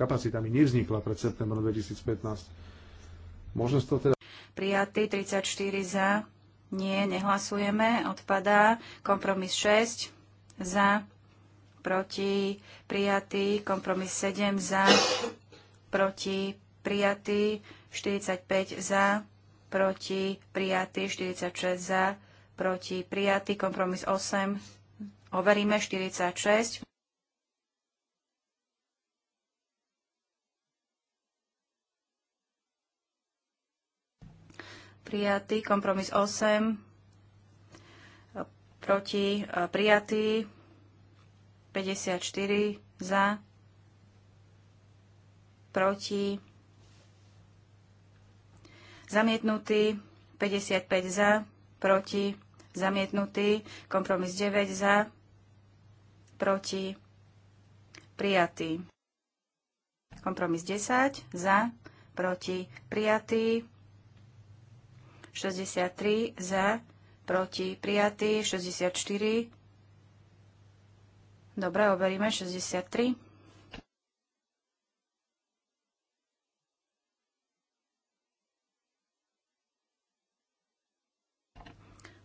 kapacitami nevznikla pred septembrom 2015. Možnosť to teda... Prijatý 34 za, nie, nehlasujeme, odpadá. Kompromis 6 za, proti, prijatý. Kompromis 7 za, proti, prijatý. 45 za, proti, prijatý. 46 za, proti, prijatý. Kompromis 8, overíme 46. prijatý. Kompromis 8, proti, e, prijatý. 54 za, proti, zamietnutý. 55 za, proti, zamietnutý. Kompromis 9 za, proti, prijatý. Kompromis 10 za, proti, prijatý. 63 za, proti prijatý, 64. Dobre, overíme 63.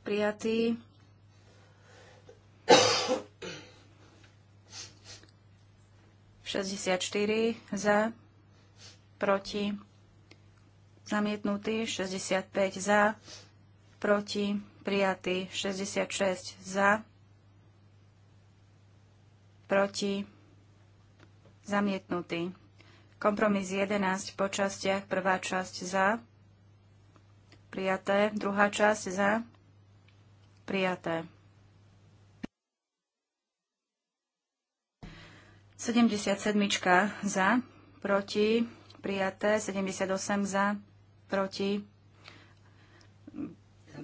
Prijatý. Šesťdesiat štyri za, proti, zamietnutý, 65 za, proti, prijatý, 66 za, proti, zamietnutý. Kompromis 11 po častiach, prvá časť za, prijaté, druhá časť za, prijaté. 77 za, proti, prijaté, 78 za, proti.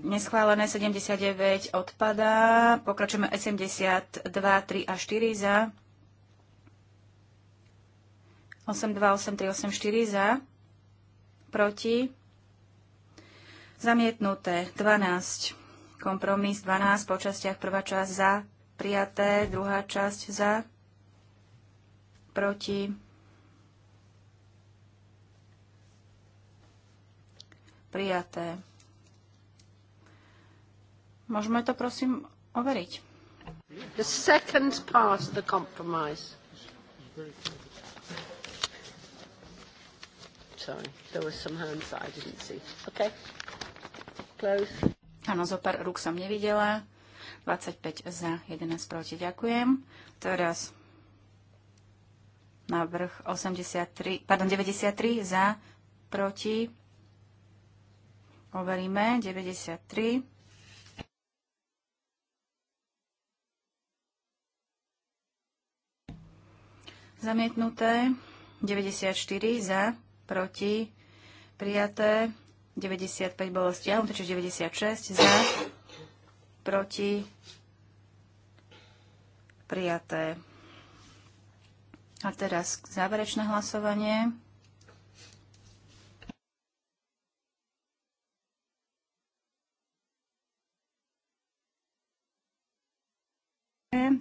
Neschválené 79 odpadá. Pokračujeme 82, 3 a 4 za. 8, 2, 8, 3, 8, 4 za. Proti. Zamietnuté 12. Kompromis 12 po častiach. Prvá časť za. Prijaté. Druhá časť za. Proti prijaté. Môžeme to prosím overiť. The second part of the compromise. Sorry, there were some hands that I didn't see. Okay. Close. Áno, zo pár rúk som nevidela. 25 za, 11 proti. Ďakujem. Teraz návrh 83, pardon, 93 za, proti. Overíme. 93. Zamietnuté. 94 za, proti, prijaté. 95 bolo stiahnuté, čiže 96 za, proti, prijaté. A teraz záverečné hlasovanie.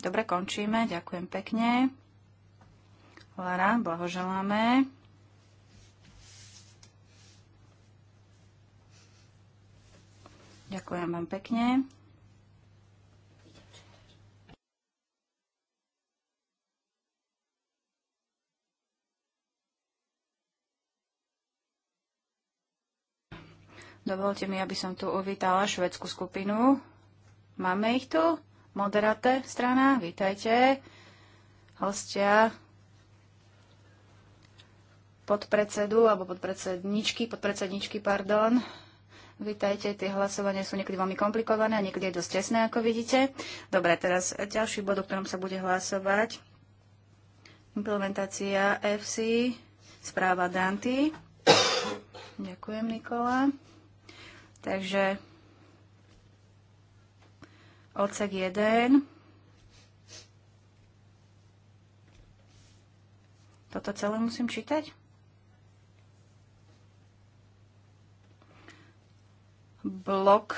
Dobre, končíme. Ďakujem pekne. Lara, blahoželáme. Ďakujem vám pekne. Dovolte mi, aby som tu uvítala švedskú skupinu. Máme ich tu? Moderate strana, vítajte. Hostia, podpredsedu alebo podpredsedničky, podpredsedničky, pardon. Vítajte, tie hlasovania sú niekedy veľmi komplikované a niekedy je dosť tesné, ako vidíte. Dobre, teraz ďalší bod, o ktorom sa bude hlasovať. Implementácia FC, správa Danty. Ďakujem, Nikola. Takže odsek 1. Toto celé musím čítať? Blok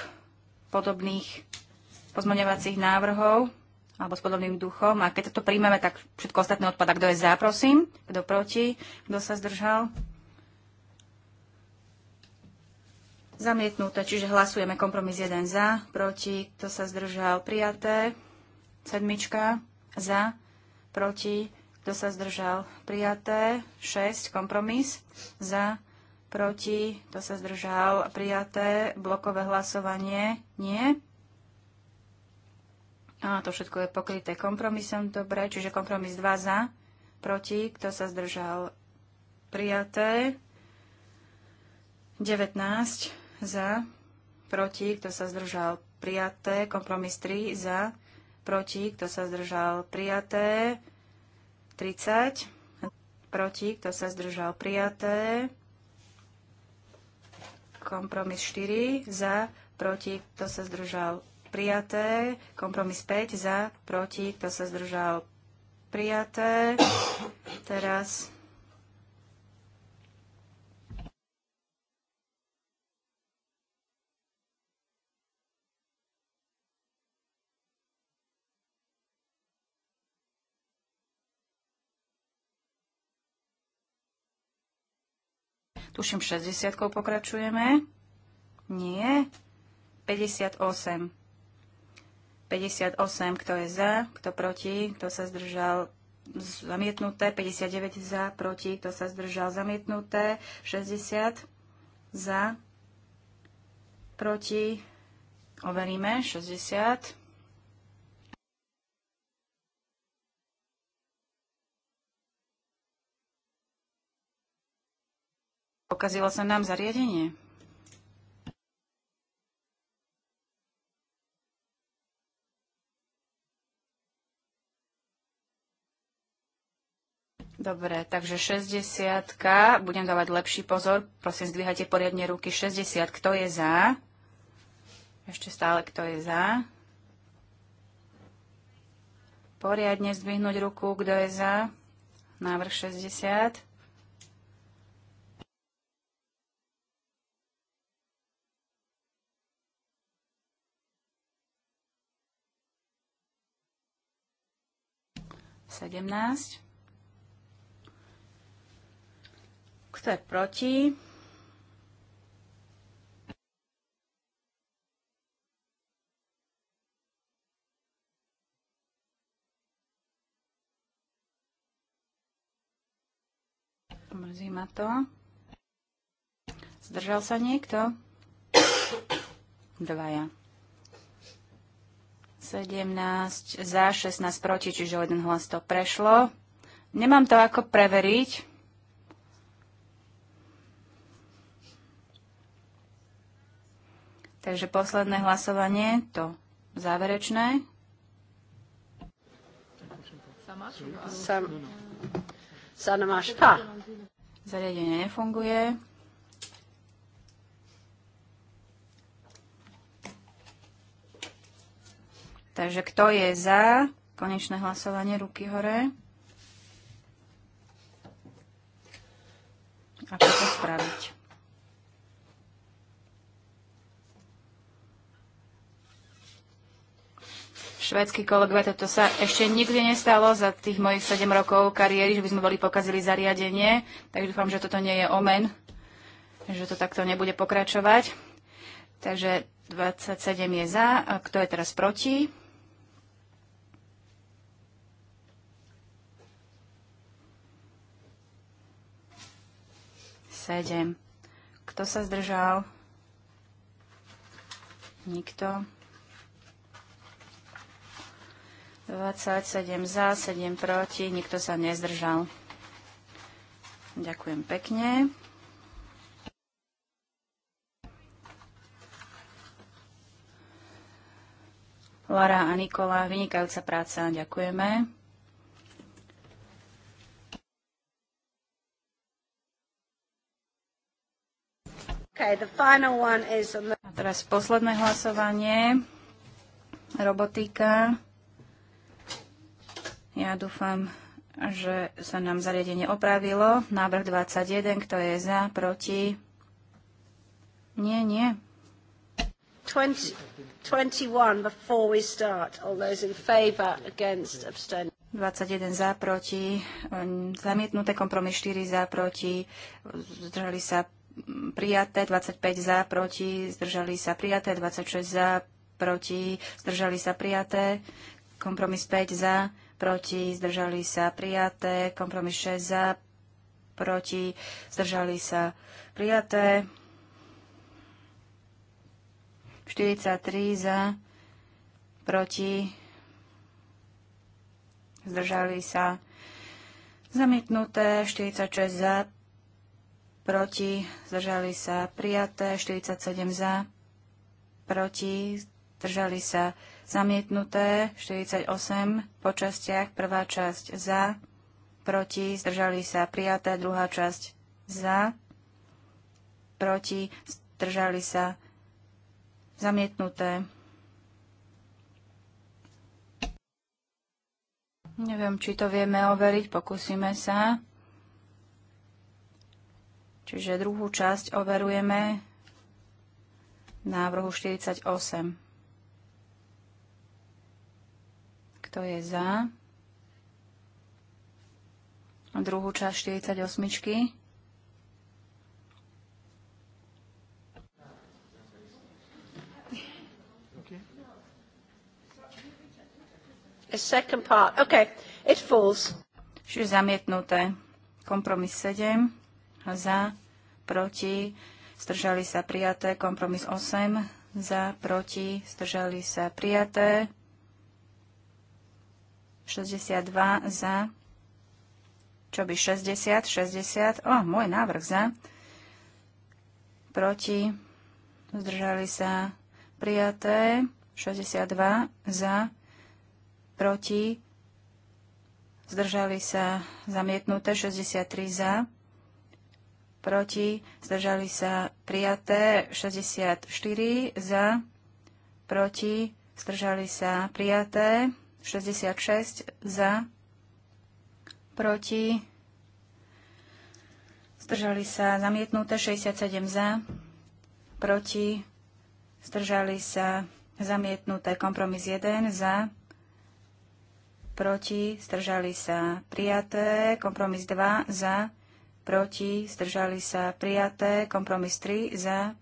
podobných pozmoňovacích návrhov alebo s podobným duchom. A keď to príjmeme, tak všetko ostatné odpada. Kto je za, prosím? Kto proti? Kto sa zdržal? Zamietnuté, čiže hlasujeme kompromis 1 za, proti, kto sa zdržal, prijaté. Sedmička za, proti, kto sa zdržal, prijaté. 6, kompromis za, proti, kto sa zdržal, prijaté. Blokové hlasovanie nie. A to všetko je pokryté kompromisom, dobre, čiže kompromis 2 za, proti, kto sa zdržal, prijaté. 19 za, proti, kto sa zdržal prijaté, kompromis 3 za, proti, kto sa zdržal prijaté, 30, proti, kto sa zdržal prijaté, kompromis 4 za, proti, kto sa zdržal prijaté, kompromis 5 za, proti, kto sa zdržal prijaté. Teraz Tuším 60 pokračujeme. Nie. 58. 58, kto je za, kto proti, kto sa zdržal zamietnuté, 59 za, proti, kto sa zdržal zamietnuté, 60 za, proti, overíme, 60. Pokazilo sa nám zariadenie. Dobre, takže 60. Budem dávať lepší pozor. Prosím, zdvíhajte poriadne ruky. 60. Kto je za? Ešte stále, kto je za? Poriadne zdvihnúť ruku. Kto je za? Návrh 60. 17. Kto je proti? Mrzí ma to. Zdržal sa niekto? Dvaja. 17 za, 16 proti, čiže jeden hlas to prešlo. Nemám to ako preveriť. Takže posledné hlasovanie, to záverečné. Zariadenie nefunguje. Takže kto je za konečné hlasovanie ruky hore? Ako to spraviť? Švedský kolegovia, toto sa ešte nikdy nestalo za tých mojich 7 rokov kariéry, že by sme boli pokazili zariadenie, takže dúfam, že toto nie je omen, že to takto nebude pokračovať. Takže 27 je za, a kto je teraz proti? 7. Kto sa zdržal? Nikto. 27 za, 7 proti, nikto sa nezdržal. Ďakujem pekne. Lara a Nikola, vynikajúca práca, ďakujeme. Okay, the final one is... A teraz posledné hlasovanie. Robotika. Ja dúfam, že sa nám zariadenie opravilo. Návrh 21, kto je za, proti? Nie, nie. 20, 21 before we start. All those in favor, against, abstain. 21 za, proti, ehm, zamietnuté kompromis 4 za, proti, zdržali sa prijaté, 25 za, proti, zdržali sa prijaté, 26 za, proti, zdržali sa prijaté, kompromis 5 za, proti, zdržali sa prijaté, kompromis 6 za, proti, zdržali sa prijaté, 43 za, proti, zdržali sa zamietnuté, 46 za, proti, zdržali sa prijaté, 47 za, proti, zdržali sa zamietnuté, 48 po častiach, prvá časť za, proti, zdržali sa prijaté, druhá časť za, proti, zdržali sa zamietnuté. Neviem, či to vieme overiť, pokúsime sa. Čiže druhú časť overujeme návrhu 48. Kto je za? Druhú časť 48. Okay. Čiže zamietnuté. Kompromis 7 za, proti, zdržali sa prijaté. Kompromis 8 za, proti, zdržali sa prijaté. 62 za, čo by 60, 60, o, oh, môj návrh za, proti, zdržali sa prijaté, 62 za, proti, zdržali sa zamietnuté, 63 za, proti, zdržali sa prijaté, 64 za, proti, zdržali sa prijaté, 66 za, proti, zdržali sa zamietnuté, 67 za, proti, zdržali sa zamietnuté, kompromis 1 za, proti, zdržali sa prijaté, kompromis 2 za, proti, zdržali sa prijaté. Kompromis 3 za,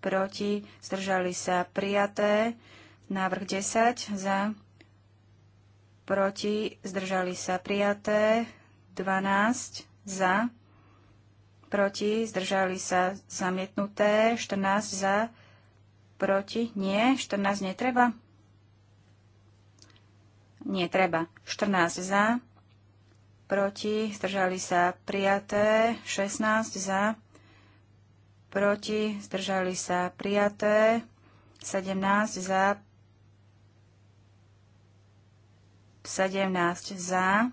proti, zdržali sa prijaté. Návrh 10 za, proti, zdržali sa prijaté. 12 za, proti, zdržali sa zamietnuté. 14 za, proti, nie, 14 netreba. Nie, treba. 14 za, proti, zdržali sa prijaté, 16 za, proti, zdržali sa prijaté, 17 za, 17 za,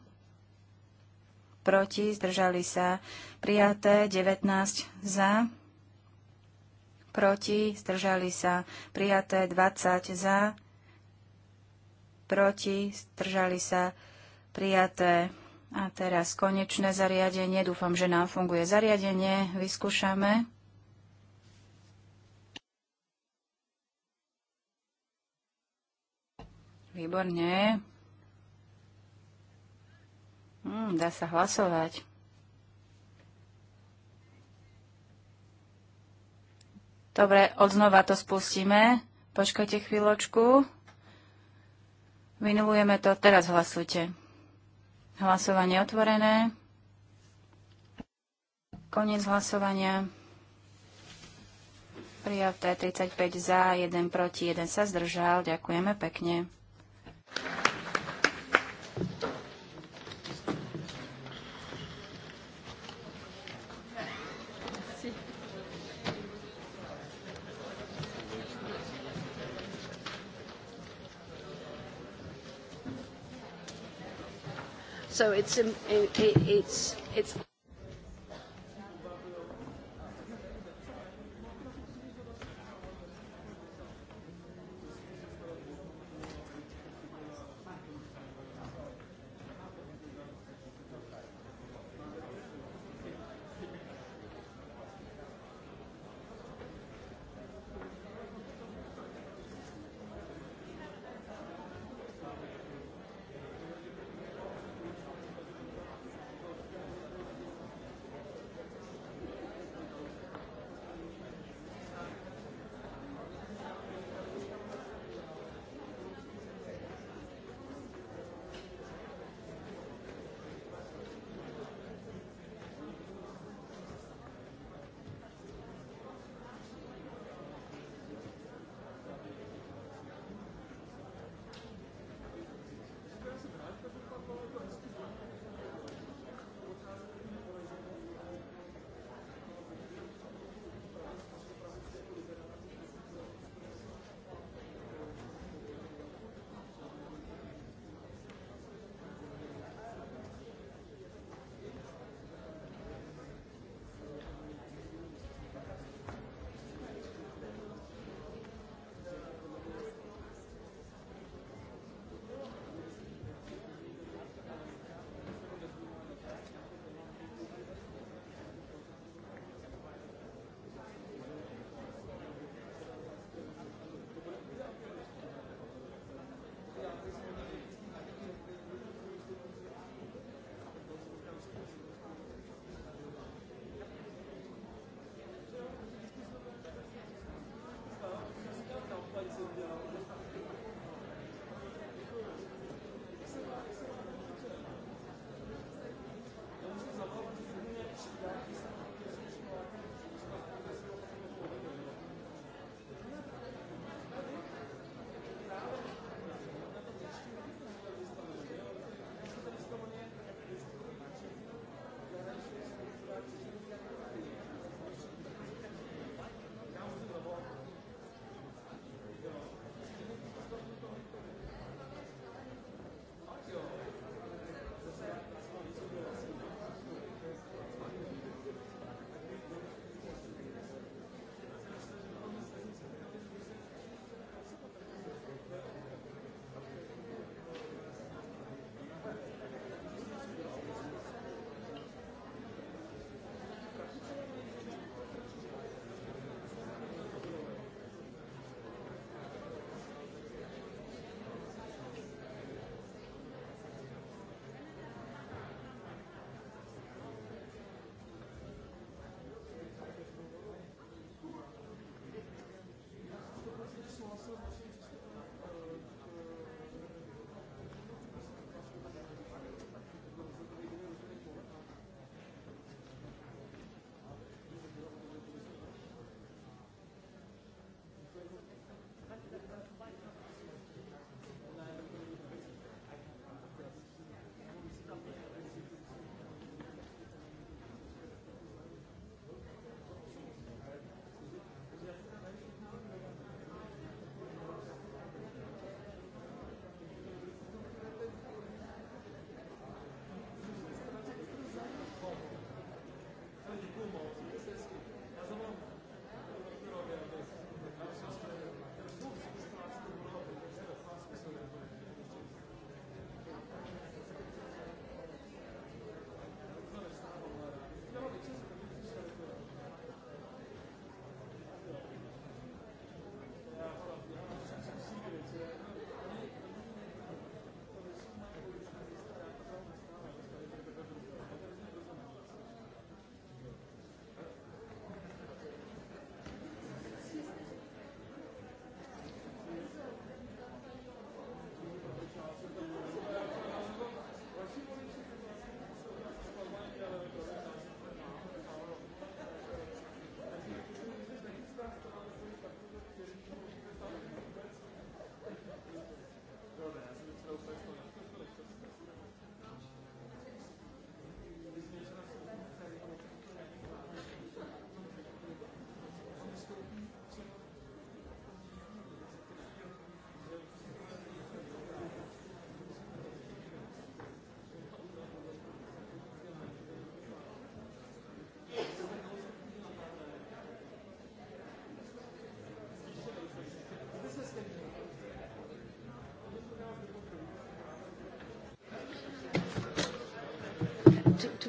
proti, zdržali sa prijaté, 19 za, proti, zdržali sa prijaté, 20 za, proti, zdržali sa prijaté. 20 za, a teraz konečné zariadenie. Dúfam, že nám funguje zariadenie. Vyskúšame. Výborne. Hmm, dá sa hlasovať. Dobre, odznova to spustíme. Počkajte chvíľočku. Vynulujeme to. Teraz hlasujte. Hlasovanie otvorené. Koniec hlasovania. Prijaté 35 za, 1 proti, 1 sa zdržal. Ďakujeme pekne. So it's, it's, it's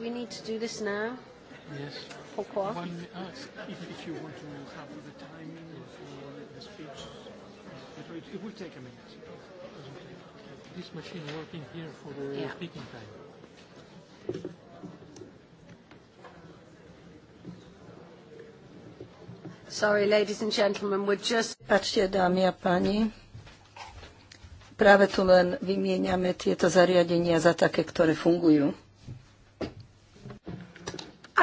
we need to do this now? Yes. Pourquoi? One, uh, if, if you want to have the timing for the speech, it, it will take a minute. This machine working here for the yeah. speaking time. Sorry, ladies and gentlemen, we're just... Pačte, dámy a páni, práve tu len vymieňame tieto zariadenia za také, ktoré fungujú.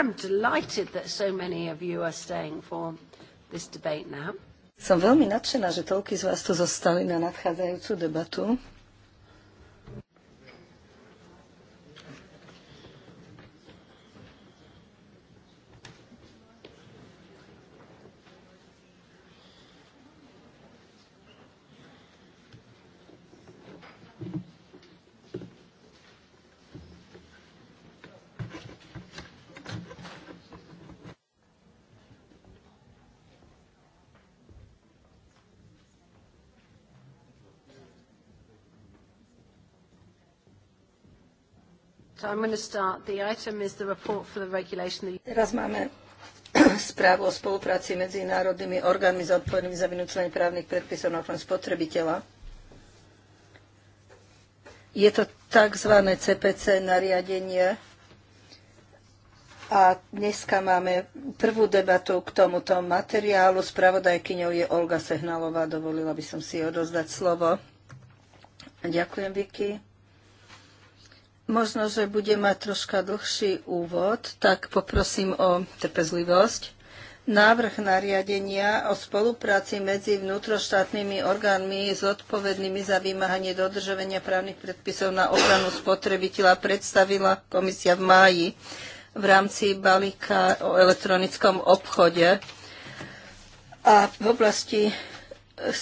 I'm delighted that so many of you are staying for this debate now. Som veľmi nadšená, že toľky z vás tu zostali na nadchádzajúcu debatu. Teraz máme správu o spolupráci medzi národnými orgánmi zodpovednými za vynúcenie právnych predpisov na ochranu spotrebiteľa. Je to tzv. CPC nariadenie a dneska máme prvú debatu k tomuto materiálu. Spravodajkyňou je Olga Sehnalová. Dovolila by som si odozdať slovo. Ďakujem, Vicky. Možno, že bude mať troška dlhší úvod, tak poprosím o trpezlivosť. Návrh nariadenia o spolupráci medzi vnútroštátnymi orgánmi zodpovednými za vymáhanie dodržovania právnych predpisov na ochranu spotrebiteľa predstavila komisia v máji v rámci balíka o elektronickom obchode. A v oblasti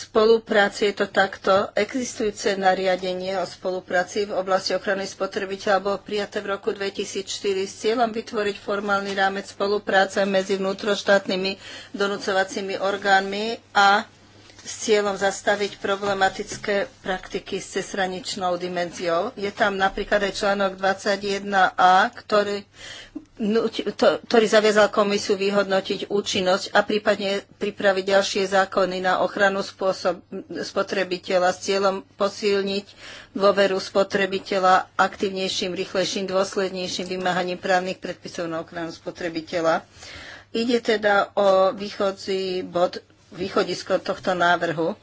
spolupráci je to takto. Existujúce nariadenie o spolupráci v oblasti ochrany spotrebiteľa bolo prijaté v roku 2004 s cieľom vytvoriť formálny rámec spolupráce medzi vnútroštátnymi donúcovacími orgánmi a s cieľom zastaviť problematické praktiky s cezhraničnou dimenziou. Je tam napríklad aj článok 21a, ktorý, to, ktorý zaviazal komisiu vyhodnotiť účinnosť a prípadne pripraviť ďalšie zákony na ochranu spôsob, spotrebiteľa s cieľom posilniť dôveru spotrebiteľa aktívnejším, rýchlejším, dôslednejším vymáhaním právnych predpisov na ochranu spotrebiteľa. Ide teda o východzí bod východisko tohto návrhu.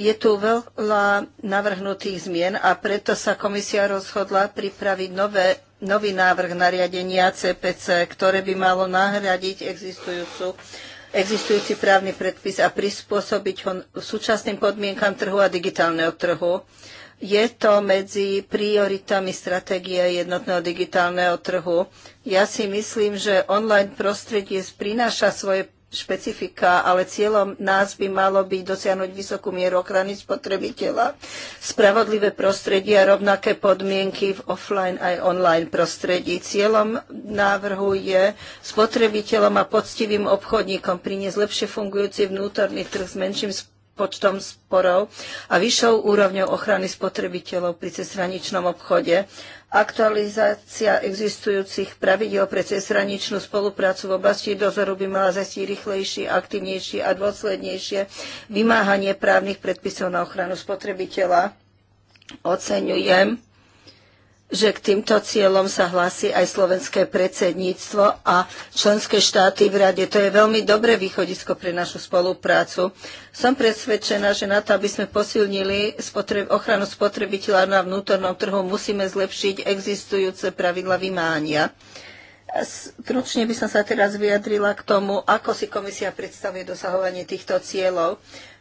Je tu veľa navrhnutých zmien a preto sa komisia rozhodla pripraviť nové, nový návrh nariadenia CPC, ktoré by malo nahradiť existujúcu existujúci právny predpis a prispôsobiť ho súčasným podmienkam trhu a digitálneho trhu. Je to medzi prioritami stratégie jednotného digitálneho trhu. Ja si myslím, že online prostredie prináša svoje špecifika, ale cieľom nás by malo byť dosiahnuť vysokú mieru ochrany spotrebiteľa, spravodlivé prostredie a rovnaké podmienky v offline aj online prostredí. Cieľom návrhu je spotrebiteľom a poctivým obchodníkom priniesť lepšie fungujúci vnútorný trh s menším počtom sporov a vyššou úrovňou ochrany spotrebiteľov pri cezhraničnom obchode Aktualizácia existujúcich pravidel pre cezhraničnú spoluprácu v oblasti dozoru by mala zajistiť rýchlejšie, aktívnejšie a dôslednejšie vymáhanie právnych predpisov na ochranu spotrebiteľa. Oceňujem že k týmto cieľom sa hlási aj slovenské predsedníctvo a členské štáty v rade. To je veľmi dobré východisko pre našu spoluprácu. Som presvedčená, že na to, aby sme posilnili spotre- ochranu spotrebiteľa na vnútornom trhu, musíme zlepšiť existujúce pravidla vymáňa. Stručne by som sa teraz vyjadrila k tomu, ako si komisia predstavuje dosahovanie týchto cieľov.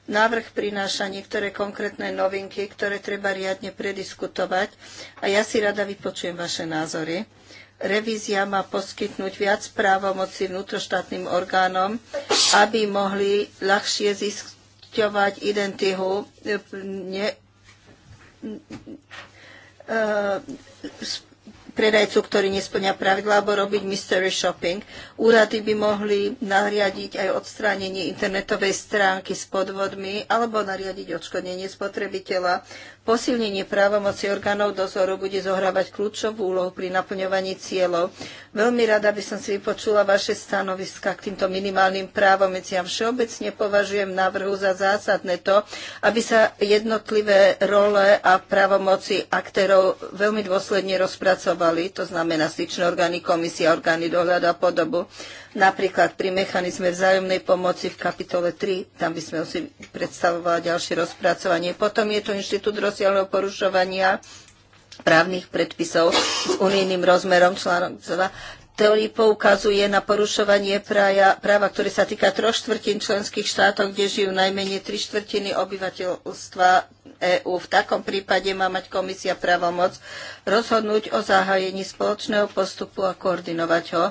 Návrh prináša niektoré konkrétne novinky, ktoré treba riadne prediskutovať a ja si rada vypočujem vaše názory. Revízia má poskytnúť viac právomoci vnútroštátnym orgánom, aby mohli ľahšie zisťovať identihu eh, ne, eh, predajcu, ktorý nesplňa pravidlá, alebo robiť mystery shopping. Úrady by mohli nariadiť aj odstránenie internetovej stránky s podvodmi alebo nariadiť odškodnenie spotrebiteľa. Posilnenie právomoci orgánov dozoru bude zohrávať kľúčovú úlohu pri naplňovaní cieľov. Veľmi rada by som si vypočula vaše stanoviska k týmto minimálnym právomoci. Ja všeobecne považujem návrhu za zásadné to, aby sa jednotlivé role a právomoci aktérov veľmi dôsledne rozpracovali, to znamená styčné orgány, komisia, orgány dohľadu a podobu. Napríklad pri mechanizme vzájomnej pomoci v kapitole 3, tam by sme si predstavovali ďalšie rozpracovanie. Potom je to Inštitút rozdielného porušovania právnych predpisov s unijným rozmerom článok 2 ktorý poukazuje na porušovanie prája, práva, ktoré sa týka troch štvrtín členských štátov, kde žijú najmenej tri štvrtiny obyvateľstva EÚ. V takom prípade má mať komisia právomoc rozhodnúť o zahájení spoločného postupu a koordinovať ho.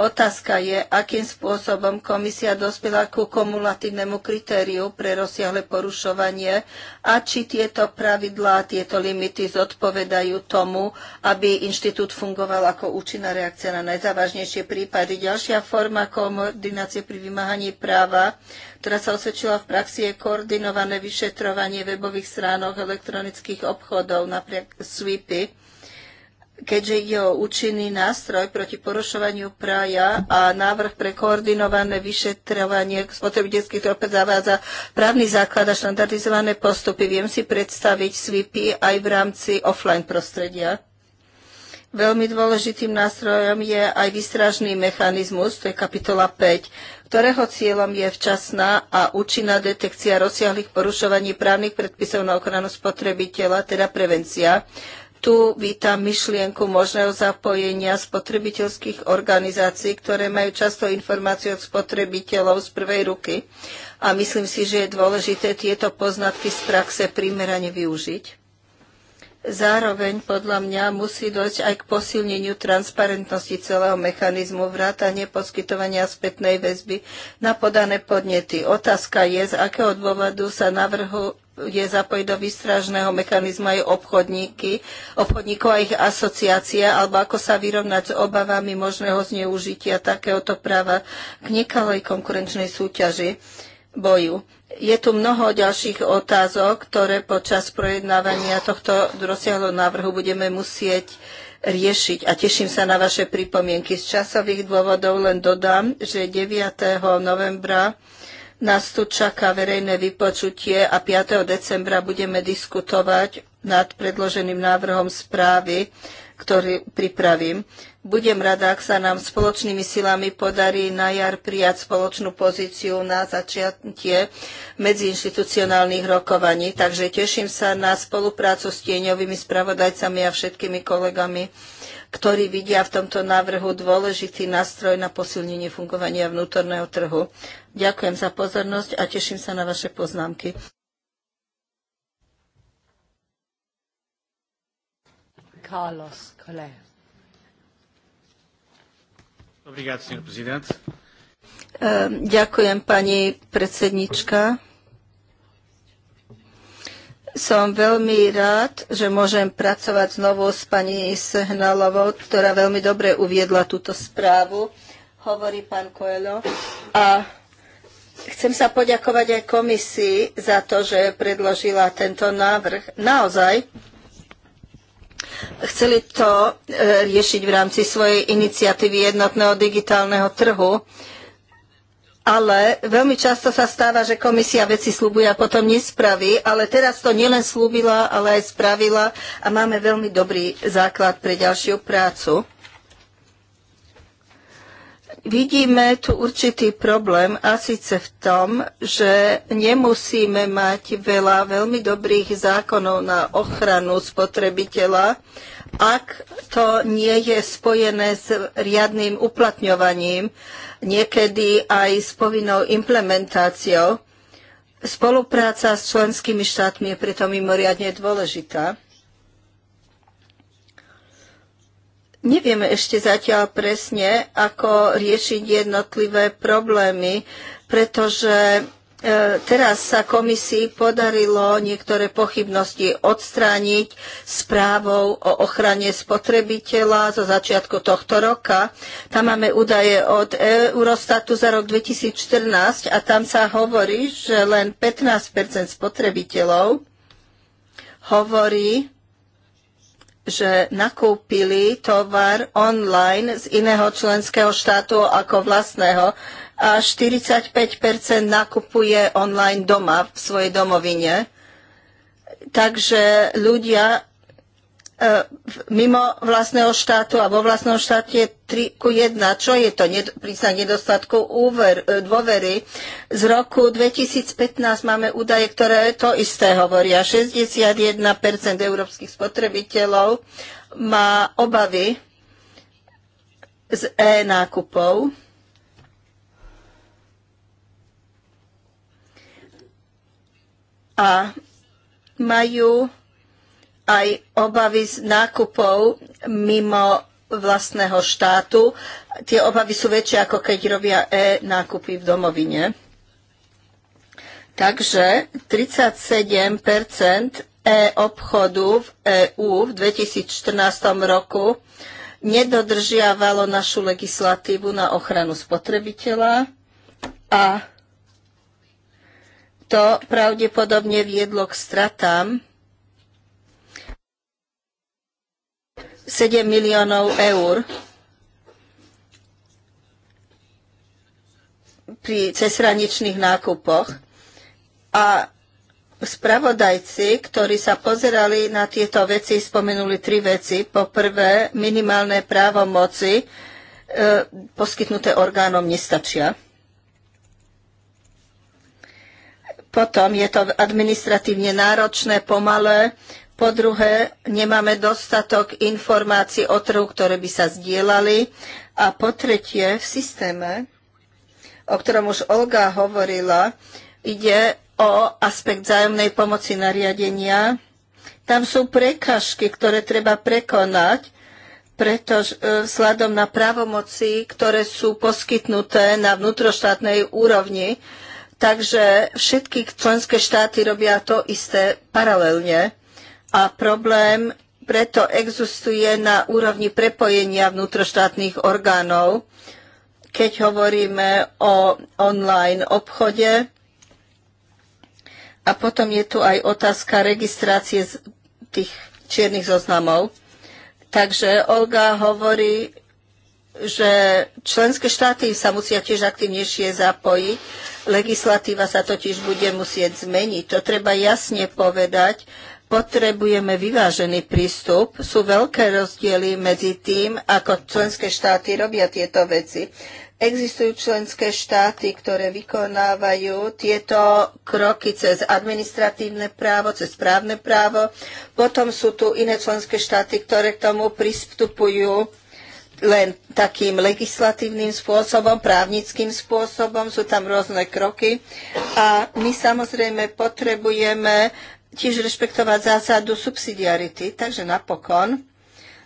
Otázka je, akým spôsobom komisia dospela ku kumulatívnemu kritériu pre rozsiahle porušovanie a či tieto pravidlá, tieto limity zodpovedajú tomu, aby inštitút fungoval ako účinná reakcia na najzávažnejšie prípady. Ďalšia forma koordinácie pri vymáhaní práva, ktorá sa osvedčila v praxi, je koordinované vyšetrovanie webových stránok elektronických obchodov, napriek SWIPy keďže ide o účinný nástroj proti porušovaniu prája a návrh pre koordinované vyšetrovanie spotrebiteľských trope zavádza právny základ a štandardizované postupy. Viem si predstaviť SWIPy aj v rámci offline prostredia. Veľmi dôležitým nástrojom je aj výstražný mechanizmus, to je kapitola 5, ktorého cieľom je včasná a účinná detekcia rozsiahlých porušovaní právnych predpisov na ochranu spotrebiteľa, teda prevencia. Tu vítam myšlienku možného zapojenia spotrebiteľských organizácií, ktoré majú často informácie od spotrebiteľov z prvej ruky. A myslím si, že je dôležité tieto poznatky z praxe primerane využiť. Zároveň podľa mňa musí dojsť aj k posilneniu transparentnosti celého mechanizmu vrátane poskytovania spätnej väzby na podané podnety. Otázka je, z akého dôvodu sa navrhu, je zapojiť do výstražného mechanizmu aj obchodníky, obchodníkov a ich asociácie, alebo ako sa vyrovnať s obavami možného zneužitia takéhoto práva k nekalej konkurenčnej súťaži boju. Je tu mnoho ďalších otázok, ktoré počas projednávania tohto rozsiahlo návrhu budeme musieť riešiť a teším sa na vaše pripomienky. Z časových dôvodov len dodám, že 9. novembra nás tu čaká verejné vypočutie a 5. decembra budeme diskutovať nad predloženým návrhom správy, ktorý pripravím. Budem rada, ak sa nám spoločnými silami podarí na jar prijať spoločnú pozíciu na začiatie medziinstitucionálnych rokovaní. Takže teším sa na spoluprácu s tieňovými spravodajcami a všetkými kolegami ktorí vidia v tomto návrhu dôležitý nástroj na posilnenie fungovania vnútorného trhu. Ďakujem za pozornosť a teším sa na vaše poznámky. Carlos ehm, Ďakujem, pani predsednička. Som veľmi rád, že môžem pracovať znovu s pani Sehnalovou, ktorá veľmi dobre uviedla túto správu, hovorí pán Koelo. A chcem sa poďakovať aj komisii za to, že predložila tento návrh. Naozaj chceli to e, riešiť v rámci svojej iniciatívy jednotného digitálneho trhu ale veľmi často sa stáva, že komisia veci slúbuje a potom nespraví, ale teraz to nielen slúbila, ale aj spravila a máme veľmi dobrý základ pre ďalšiu prácu. Vidíme tu určitý problém a síce v tom, že nemusíme mať veľa veľmi dobrých zákonov na ochranu spotrebiteľa, ak to nie je spojené s riadným uplatňovaním, niekedy aj s povinnou implementáciou. Spolupráca s členskými štátmi je preto mimoriadne dôležitá. Nevieme ešte zatiaľ presne, ako riešiť jednotlivé problémy, pretože e, teraz sa komisii podarilo niektoré pochybnosti odstrániť správou o ochrane spotrebiteľa zo začiatku tohto roka. Tam máme údaje od Eurostatu za rok 2014 a tam sa hovorí, že len 15 spotrebiteľov hovorí, že nakúpili tovar online z iného členského štátu ako vlastného a 45 nakupuje online doma v svojej domovine. Takže ľudia E, mimo vlastného štátu a vo vlastnom štáte je 3 ku 1. Čo je to priznať nedostatku úver, e, dôvery? Z roku 2015 máme údaje, ktoré to isté hovoria. 61% európskych spotrebiteľov má obavy z e-nákupov. A majú aj obavy z nákupov mimo vlastného štátu. Tie obavy sú väčšie, ako keď robia e-nákupy v domovine. Takže 37 e-obchodu v EÚ v 2014 roku nedodržiavalo našu legislatívu na ochranu spotrebiteľa a to pravdepodobne viedlo k stratám 7 miliónov eur pri cezhraničných nákupoch. A spravodajci, ktorí sa pozerali na tieto veci, spomenuli tri veci. Po prvé, minimálne právomoci e, poskytnuté orgánom nestačia. Potom je to administratívne náročné, pomalé. Po druhé, nemáme dostatok informácií o trhu, ktoré by sa zdieľali. A po tretie, v systéme, o ktorom už Olga hovorila, ide o aspekt vzájomnej pomoci nariadenia. Tam sú prekažky, ktoré treba prekonať, pretože e, vzhľadom na právomoci, ktoré sú poskytnuté na vnútroštátnej úrovni, Takže všetky členské štáty robia to isté paralelne a problém preto existuje na úrovni prepojenia vnútroštátnych orgánov, keď hovoríme o online obchode. A potom je tu aj otázka registrácie tých čiernych zoznamov. Takže Olga hovorí, že členské štáty sa musia tiež aktivnejšie zapojiť. Legislatíva sa totiž bude musieť zmeniť. To treba jasne povedať. Potrebujeme vyvážený prístup. Sú veľké rozdiely medzi tým, ako členské štáty robia tieto veci. Existujú členské štáty, ktoré vykonávajú tieto kroky cez administratívne právo, cez právne právo. Potom sú tu iné členské štáty, ktoré k tomu pristupujú len takým legislatívnym spôsobom, právnickým spôsobom, sú tam rôzne kroky. A my samozrejme potrebujeme tiež rešpektovať zásadu subsidiarity, takže napokon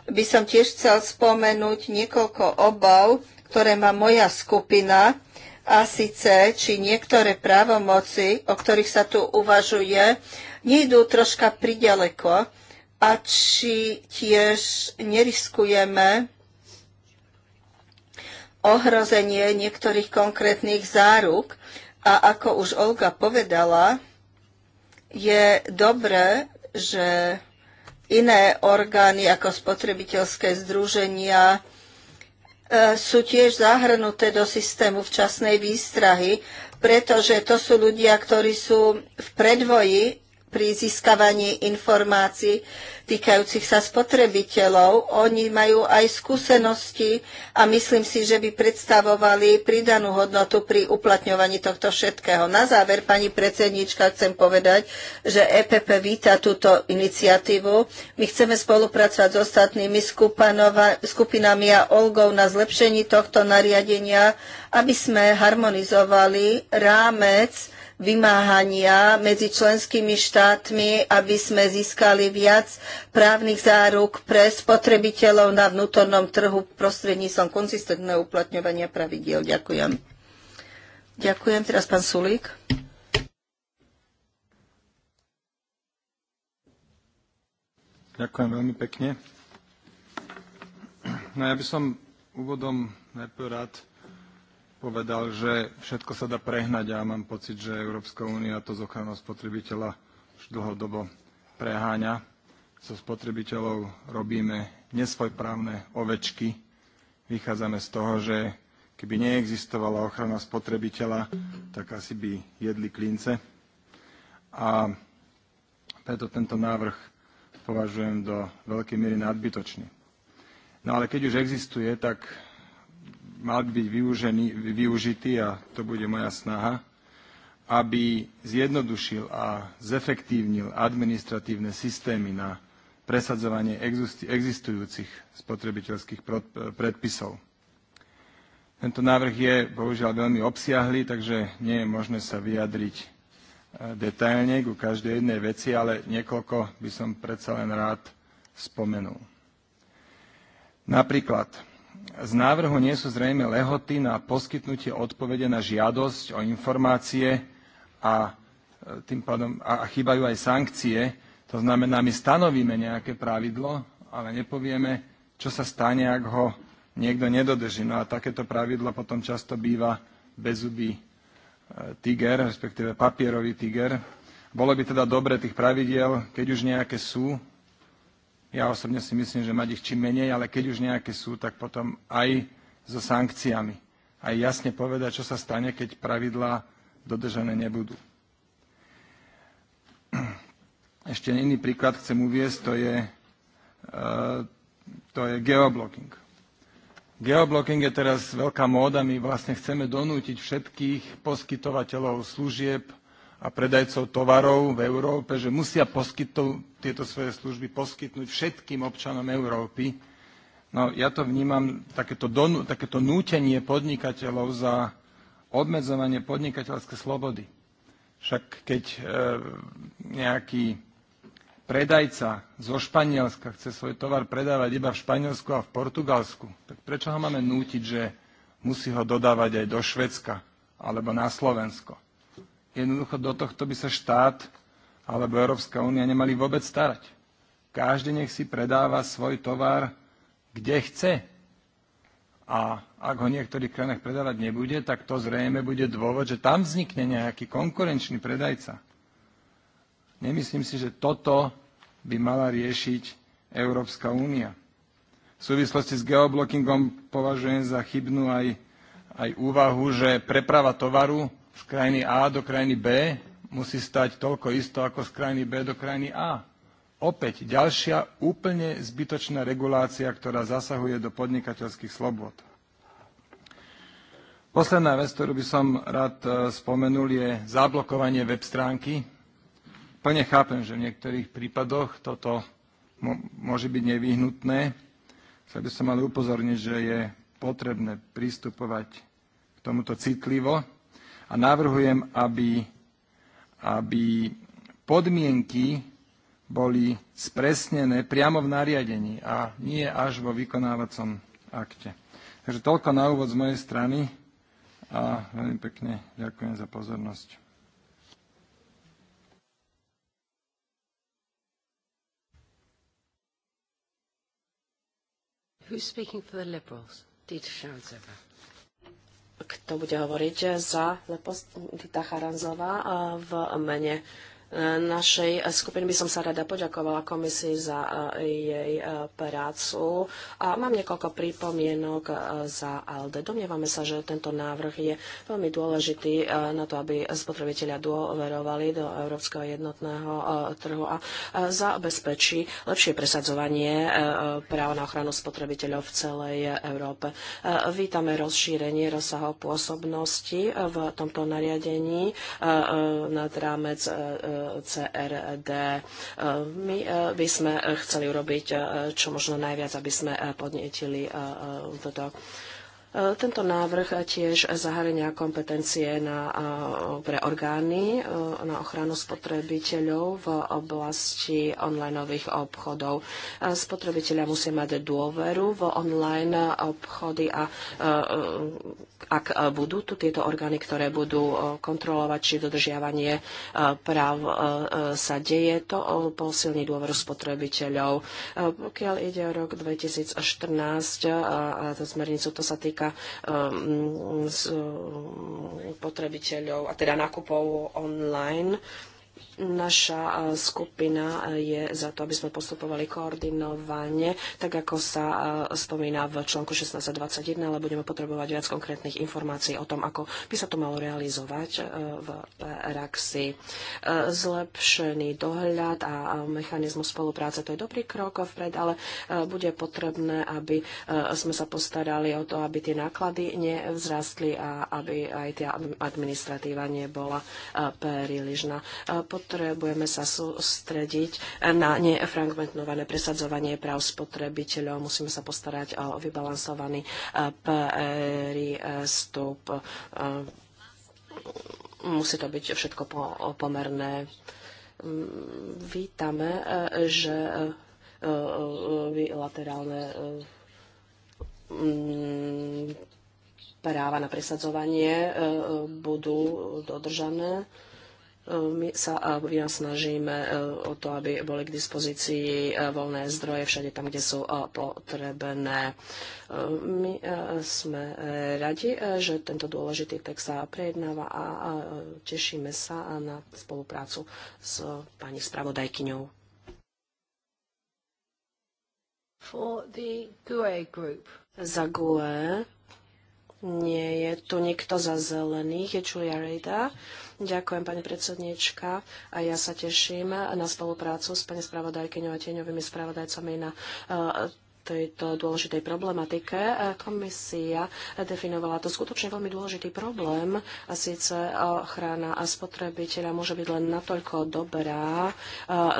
by som tiež chcel spomenúť niekoľko obav, ktoré má moja skupina, a síce, či niektoré právomoci, o ktorých sa tu uvažuje, nejdú troška priďaleko a či tiež neriskujeme ohrozenie niektorých konkrétnych záruk. A ako už Olga povedala, je dobré, že iné orgány ako spotrebiteľské združenia e, sú tiež zahrnuté do systému včasnej výstrahy, pretože to sú ľudia, ktorí sú v predvoji pri získavaní informácií týkajúcich sa spotrebiteľov. Oni majú aj skúsenosti a myslím si, že by predstavovali pridanú hodnotu pri uplatňovaní tohto všetkého. Na záver, pani predsednička, chcem povedať, že EPP víta túto iniciatívu. My chceme spolupracovať s ostatnými skupinami a Olgou na zlepšení tohto nariadenia, aby sme harmonizovali rámec, vymáhania medzi členskými štátmi, aby sme získali viac právnych záruk pre spotrebiteľov na vnútornom trhu prostredníctvom konzistentného uplatňovania pravidiel. Ďakujem. Ďakujem. Teraz pán Sulík. Ďakujem veľmi pekne. No ja by som úvodom najprv rád povedal, že všetko sa dá prehnať a mám pocit, že Európska únia to z ochranou spotrebiteľa už dlhodobo preháňa. So spotrebiteľov robíme nesvojprávne ovečky. Vychádzame z toho, že keby neexistovala ochrana spotrebiteľa, tak asi by jedli klince. A preto tento návrh považujem do veľkej miery nadbytočný. No ale keď už existuje, tak mal byť využený, využitý, a to bude moja snaha, aby zjednodušil a zefektívnil administratívne systémy na presadzovanie existujúcich spotrebiteľských predpisov. Tento návrh je bohužiaľ veľmi obsiahlý, takže nie je možné sa vyjadriť e, detailne ku každej jednej veci, ale niekoľko by som predsa len rád spomenul. Napríklad z návrhu nie sú zrejme lehoty na poskytnutie odpovede na žiadosť o informácie a e, tým pádom a, chýbajú aj sankcie. To znamená, my stanovíme nejaké pravidlo, ale nepovieme, čo sa stane, ak ho niekto nedodrží. No a takéto pravidlo potom často býva bezubý e, tiger, respektíve papierový tiger. Bolo by teda dobre tých pravidiel, keď už nejaké sú, ja osobne si myslím, že mať ich čím menej, ale keď už nejaké sú, tak potom aj so sankciami. Aj jasne povedať, čo sa stane, keď pravidlá dodržané nebudú. Ešte iný príklad chcem uviesť, to je, e, to je geoblocking. Geoblocking je teraz veľká móda, my vlastne chceme donútiť všetkých poskytovateľov služieb, a predajcov tovarov v Európe, že musia poskytnúť tieto svoje služby poskytnúť všetkým občanom Európy. No ja to vnímam, takéto, donu, takéto nútenie podnikateľov za obmedzovanie podnikateľskej slobody. Však keď e, nejaký predajca zo Španielska chce svoj tovar predávať iba v Španielsku a v Portugalsku, tak prečo ho máme nútiť, že musí ho dodávať aj do Švedska alebo na Slovensko? Jednoducho do tohto by sa štát alebo Európska únia nemali vôbec starať. Každý nech si predáva svoj tovar, kde chce. A ak ho niektorých krajinách predávať nebude, tak to zrejme bude dôvod, že tam vznikne nejaký konkurenčný predajca. Nemyslím si, že toto by mala riešiť Európska únia. V súvislosti s geoblockingom považujem za chybnú aj, aj úvahu, že preprava tovaru z krajiny A do krajiny B musí stať toľko isto ako z krajiny B do krajiny A. Opäť ďalšia úplne zbytočná regulácia, ktorá zasahuje do podnikateľských slobod. Posledná vec, ktorú by som rád e, spomenul, je zablokovanie web stránky. Plne chápem, že v niektorých prípadoch toto môže byť nevyhnutné. Chcel by som ale upozorniť, že je potrebné pristupovať k tomuto citlivo, a navrhujem, aby, aby podmienky boli spresnené priamo v nariadení a nie až vo vykonávacom akte. Takže toľko na úvod z mojej strany a veľmi pekne ďakujem za pozornosť. Who's speaking for the Liberals? Dieter Schauenzeber kto bude hovoriť za Lepost Dita Charanzová v mene našej skupiny by som sa rada poďakovala komisii za e, jej e, prácu. A mám niekoľko pripomienok e, za ALDE. Domnievame sa, že tento návrh je veľmi dôležitý na to, aby spotrebitelia dôverovali do Európskeho jednotného trhu a zabezpečí lepšie presadzovanie práva na ochranu spotrebiteľov v celej Európe. Vítame rozšírenie rozsahov pôsobnosti v tomto nariadení nad rámec CRD. My e, by sme chceli urobiť e, čo možno najviac, aby sme podnietili e, toto tento návrh tiež zahrania kompetencie na, pre orgány e, na ochranu spotrebiteľov v oblasti onlineových obchodov. E, spotrebitelia musia mať dôveru v online obchody a e, ak budú tu tieto orgány, ktoré budú kontrolovať, či dodržiavanie práv sa deje, to posilní dôveru spotrebiteľov. Pokiaľ ide o rok 2014 a smernicu, to sa týka týka um, z, um, potrebiteľov, a teda nákupov online. Naša skupina je za to, aby sme postupovali koordinovane, tak ako sa spomína v článku 1621, ale budeme potrebovať viac konkrétnych informácií o tom, ako by sa to malo realizovať v praxi. Zlepšený dohľad a mechanizmus spolupráce, to je dobrý krok vpred, ale bude potrebné, aby sme sa postarali o to, aby tie náklady nevzrastli a aby aj tá administratíva nebola prílišná. Potom potrebujeme sa sústrediť na nefragmentované presadzovanie práv spotrebiteľov. Musíme sa postarať o vybalansovaný eh, prístup. Eh, musí to byť všetko pomerné. Mm, vítame, eh, že bilaterálne mm, práva na presadzovanie budú dodržané Ehm, my sa ja ehm, snažíme ehm, o to, aby boli k dispozícii voľné zdroje všade tam, kde sú potrebné. My sme radi, že tento dôležitý text sa prejednáva a tešíme sa na spoluprácu s pani spravodajkyňou. For the GUE group. Za GUE nie je tu nikto za zelených, je Julia Reda. Ďakujem, pani predsedníčka. A ja sa teším na spoluprácu s pani spravodajkyňou a tieňovými spravodajcami na eh, tejto dôležitej problematike. Komisia definovala to skutočne veľmi dôležitý problém a síce ochrana a spotrebiteľa môže byť len natoľko dobrá,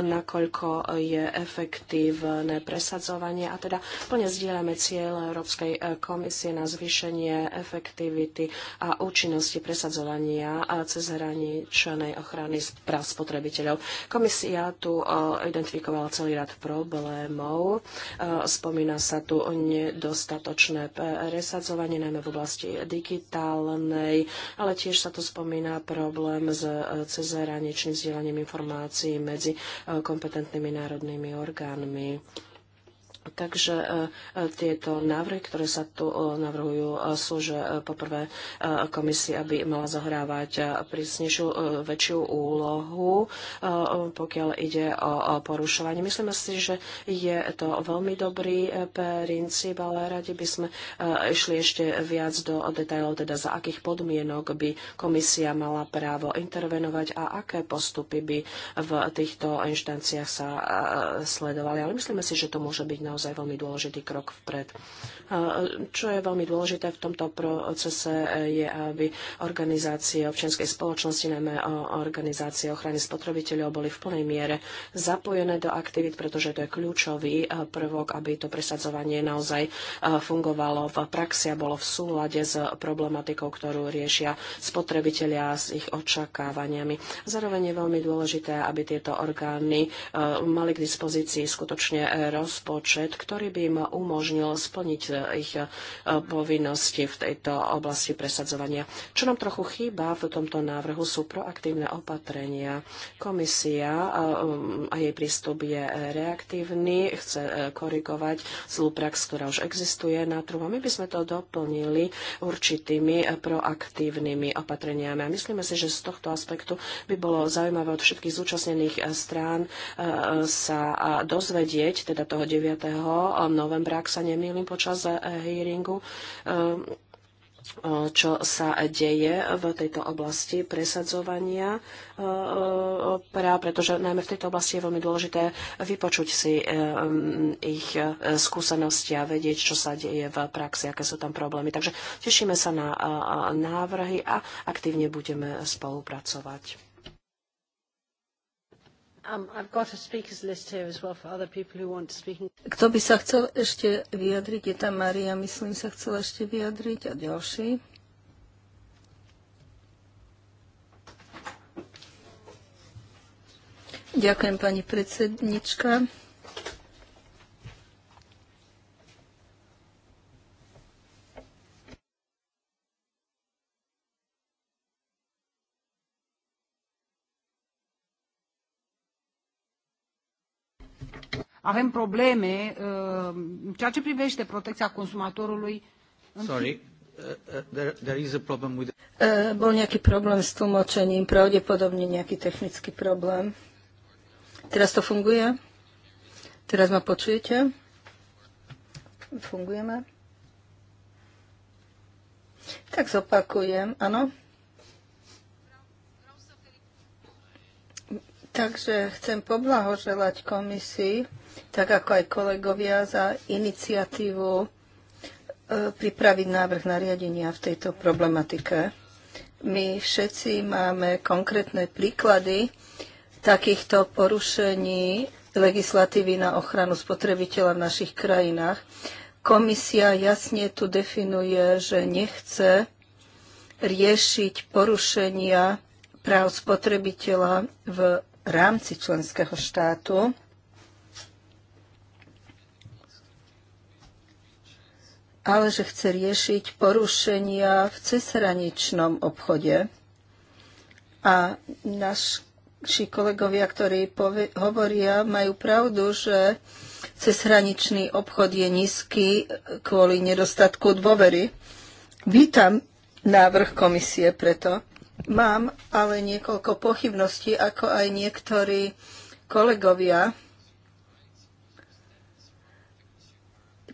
nakoľko je efektívne presadzovanie a teda plne zdieľame cieľ Európskej e, komisie na zvýšenie efektivity a účinnosti presadzovania cez hraničnej ochrany práv spotrebiteľov. Komisia tu e, identifikovala celý rad problémov. E, Spomínam Spomína sa tu nedostatočné presadzovanie, najmä v oblasti digitálnej, ale tiež sa tu spomína problém s e, cezhraničným vzdielaním informácií medzi e, kompetentnými národnými orgánmi. Takže e, e, tieto návrhy, ktoré sa tu e, navrhujú, sú, že poprvé komisia by mala zahrávať prísnejšiu, väčšiu úlohu, pokiaľ ide o porušovanie. Myslíme si, že je to veľmi dobrý princíp, ale radi by sme išli ešte viac do detajlov, teda za akých podmienok by komisia mala právo intervenovať a aké postupy by v týchto inštanciách sa sledovali. Ale myslíme si, že to môže byť na naozaj veľmi dôležitý krok vpred. Čo je veľmi dôležité v tomto procese e, je, aby organizácie občianskej spoločnosti, najmä organizácie ochrany spotrebiteľov, boli v plnej miere zapojené do aktivít, pretože to je kľúčový e, prvok, aby to presadzovanie naozaj e, fungovalo v praxi a bolo v súlade s problematikou, ktorú riešia spotrebitelia s ich očakávaniami. Zároveň je veľmi dôležité, aby tieto orgány mali k dispozícii skutočne rozpočet, rozpočet, ktorý by im umožnil splniť eh, ich eh, povinnosti v tejto oblasti presadzovania. Čo nám trochu chýba v tomto návrhu sú proaktívne opatrenia. Komisia eh, a jej prístup je reaktívny, chce korigovať zlú prax, ktorá už existuje na trhu. My by sme to doplnili určitými proaktívnymi opatreniami. A myslíme si, že z tohto aspektu by bolo zaujímavé od všetkých zúčastnených strán sa dozvedieť, teda toho 9 novembra, ak sa nemýlim, počas eh, hearingu eh, čo sa deje v tejto oblasti presadzovania eh, práv, pretože najmä v tejto oblasti je veľmi dôležité vypočuť si mm, ich skúsenosti a vedieť, čo sa deje v praxi, aké sú tam problémy. Takže tešíme sa na návrhy a aktívne budeme spolupracovať. Um, Kto by sa chcel ešte vyjadriť? Je tam Maria, myslím, sa chcela ešte vyjadriť. A ďalší? Ďakujem, pani predsednička. avem probleme în uh, ceea ce privește protecția consumatorului. Sorry. Uh, uh, bol nejaký problém s tlmočením, pravdepodobne nejaký technický problém. Teraz to funguje? Teraz ma počujete? Fungujeme? Tak zopakujem, áno. Takže chcem poblahoželať komisii, tak ako aj kolegovia, za iniciatívu e, pripraviť návrh nariadenia v tejto problematike. My všetci máme konkrétne príklady takýchto porušení legislatívy na ochranu spotrebiteľa v našich krajinách. Komisia jasne tu definuje, že nechce riešiť porušenia práv spotrebiteľa v rámci členského štátu. ale že chce riešiť porušenia v cezhraničnom obchode. A naši kolegovia, ktorí hovoria, majú pravdu, že cezhraničný obchod je nízky kvôli nedostatku dôvery. Vítam návrh komisie preto, Mám ale niekoľko pochybností, ako aj niektorí kolegovia.